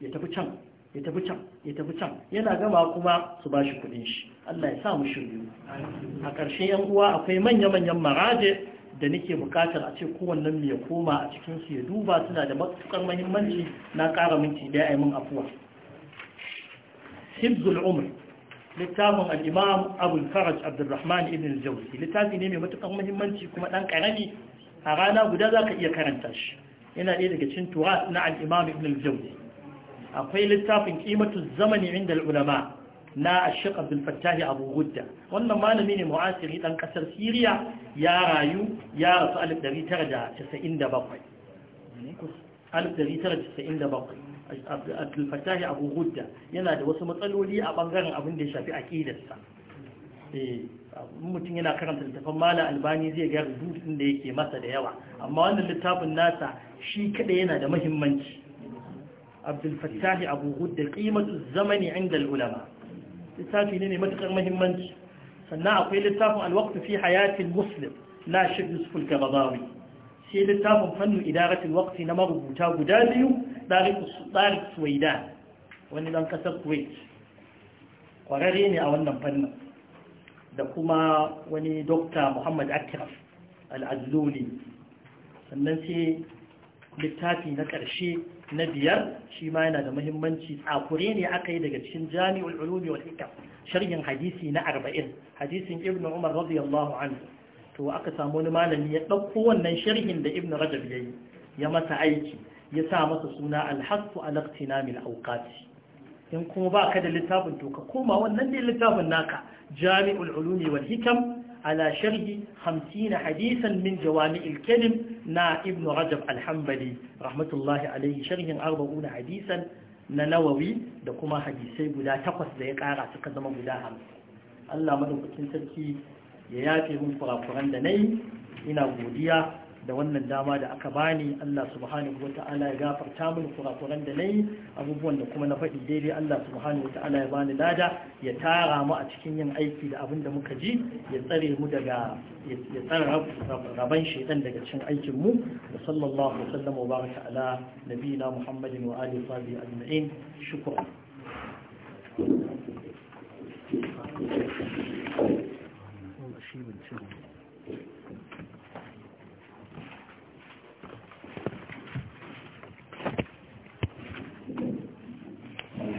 S1: ya tafi can ya tafi can ya tafi can yana gama kuma su bashi shi kudin shi Allah ya sa mu shiryu a ƙarshen yan uwa akwai manya-manyan maraje da nake bukatar a ce kowannen mu ya koma a cikin su ya duba suna da matukar mahimmanci na ƙara minti da ya min afuwa hibzul Umar, littafin al’imam abul faraj abdurrahman ibn al littafi ne mai matukar mahimmanci kuma ɗan ƙarami. a rana guda za ka iya karanta shi yana ɗaya daga cin tura na alimam ibn al akwai littafin ƙimatu zamani inda al’ulama na Sheikh Abdul Abu Gudda wannan malami ne mu'asiri dan kasar Syria ya rayu ya rasu 1997 1997 Abu Gudda yana da wasu matsaloli a bangaren abin da ya shafi aƙidarsa. Eh, mutum yana karanta littafin Malam Albani zai ga rubutun da yake masa da yawa amma wannan littafin nasa shi kaɗai yana da muhimmanci Abdul Fattah Abu Gudda qimatu zamani inda ulama littafi ne mai matuƙar muhimmanci sannan akwai littafin alwaqtu fi hayatin muslim na shaykh yusuf al sai littafin fannu idaratul waqti na marubuta guda biyu tariq tariq suwaida wani dan kasar kuwait ƙwararre ne a wannan fannin da kuma wani dokta muhammad akraf al azuli sannan sai littafi na ƙarshe na biyar shi ma yana da muhimmanci tsakure ne aka yi daga cikin jami'ul ulumi wal hikam sharhin hadisi na arba'in hadisin ibnu umar radiyallahu anhu to aka samu wani malami ya ɗauko wannan sharhin da ibnu rajab yayi ya masa aiki ya sa masa suna alhaqqu ala min awqati in kuma ba da littafin to ka koma wannan ne littafin naka jami'ul ulumi wal hikam ala sharhi 50 hadisan min jawami'il kalim na ibn rajab alhambali rahmatullahi alaihi sharhin arba'una hadisan na nawawi da kuma hadisai guda takwas da ya kara suka zama guda hamsin Allah madaukakin sarki ya yafe min kurakuran da na yi ina godiya da wannan dama da aka bani Allah subhanahu wata'ala ya gafarta mini kurakuran da nayi abubuwan da kuma na faɗi daidai Allah subhanahu wata'ala ya bani lada ya tara mu a cikin yin aiki da abin da muka ji ya tsare mu daga ya tsara raban shedan daga cikin aikin mu wa sallallahu wasallam wa baraka ala nabiyina Muhammadin wa alihi wa sahbihi ajma'in shukran Thank you.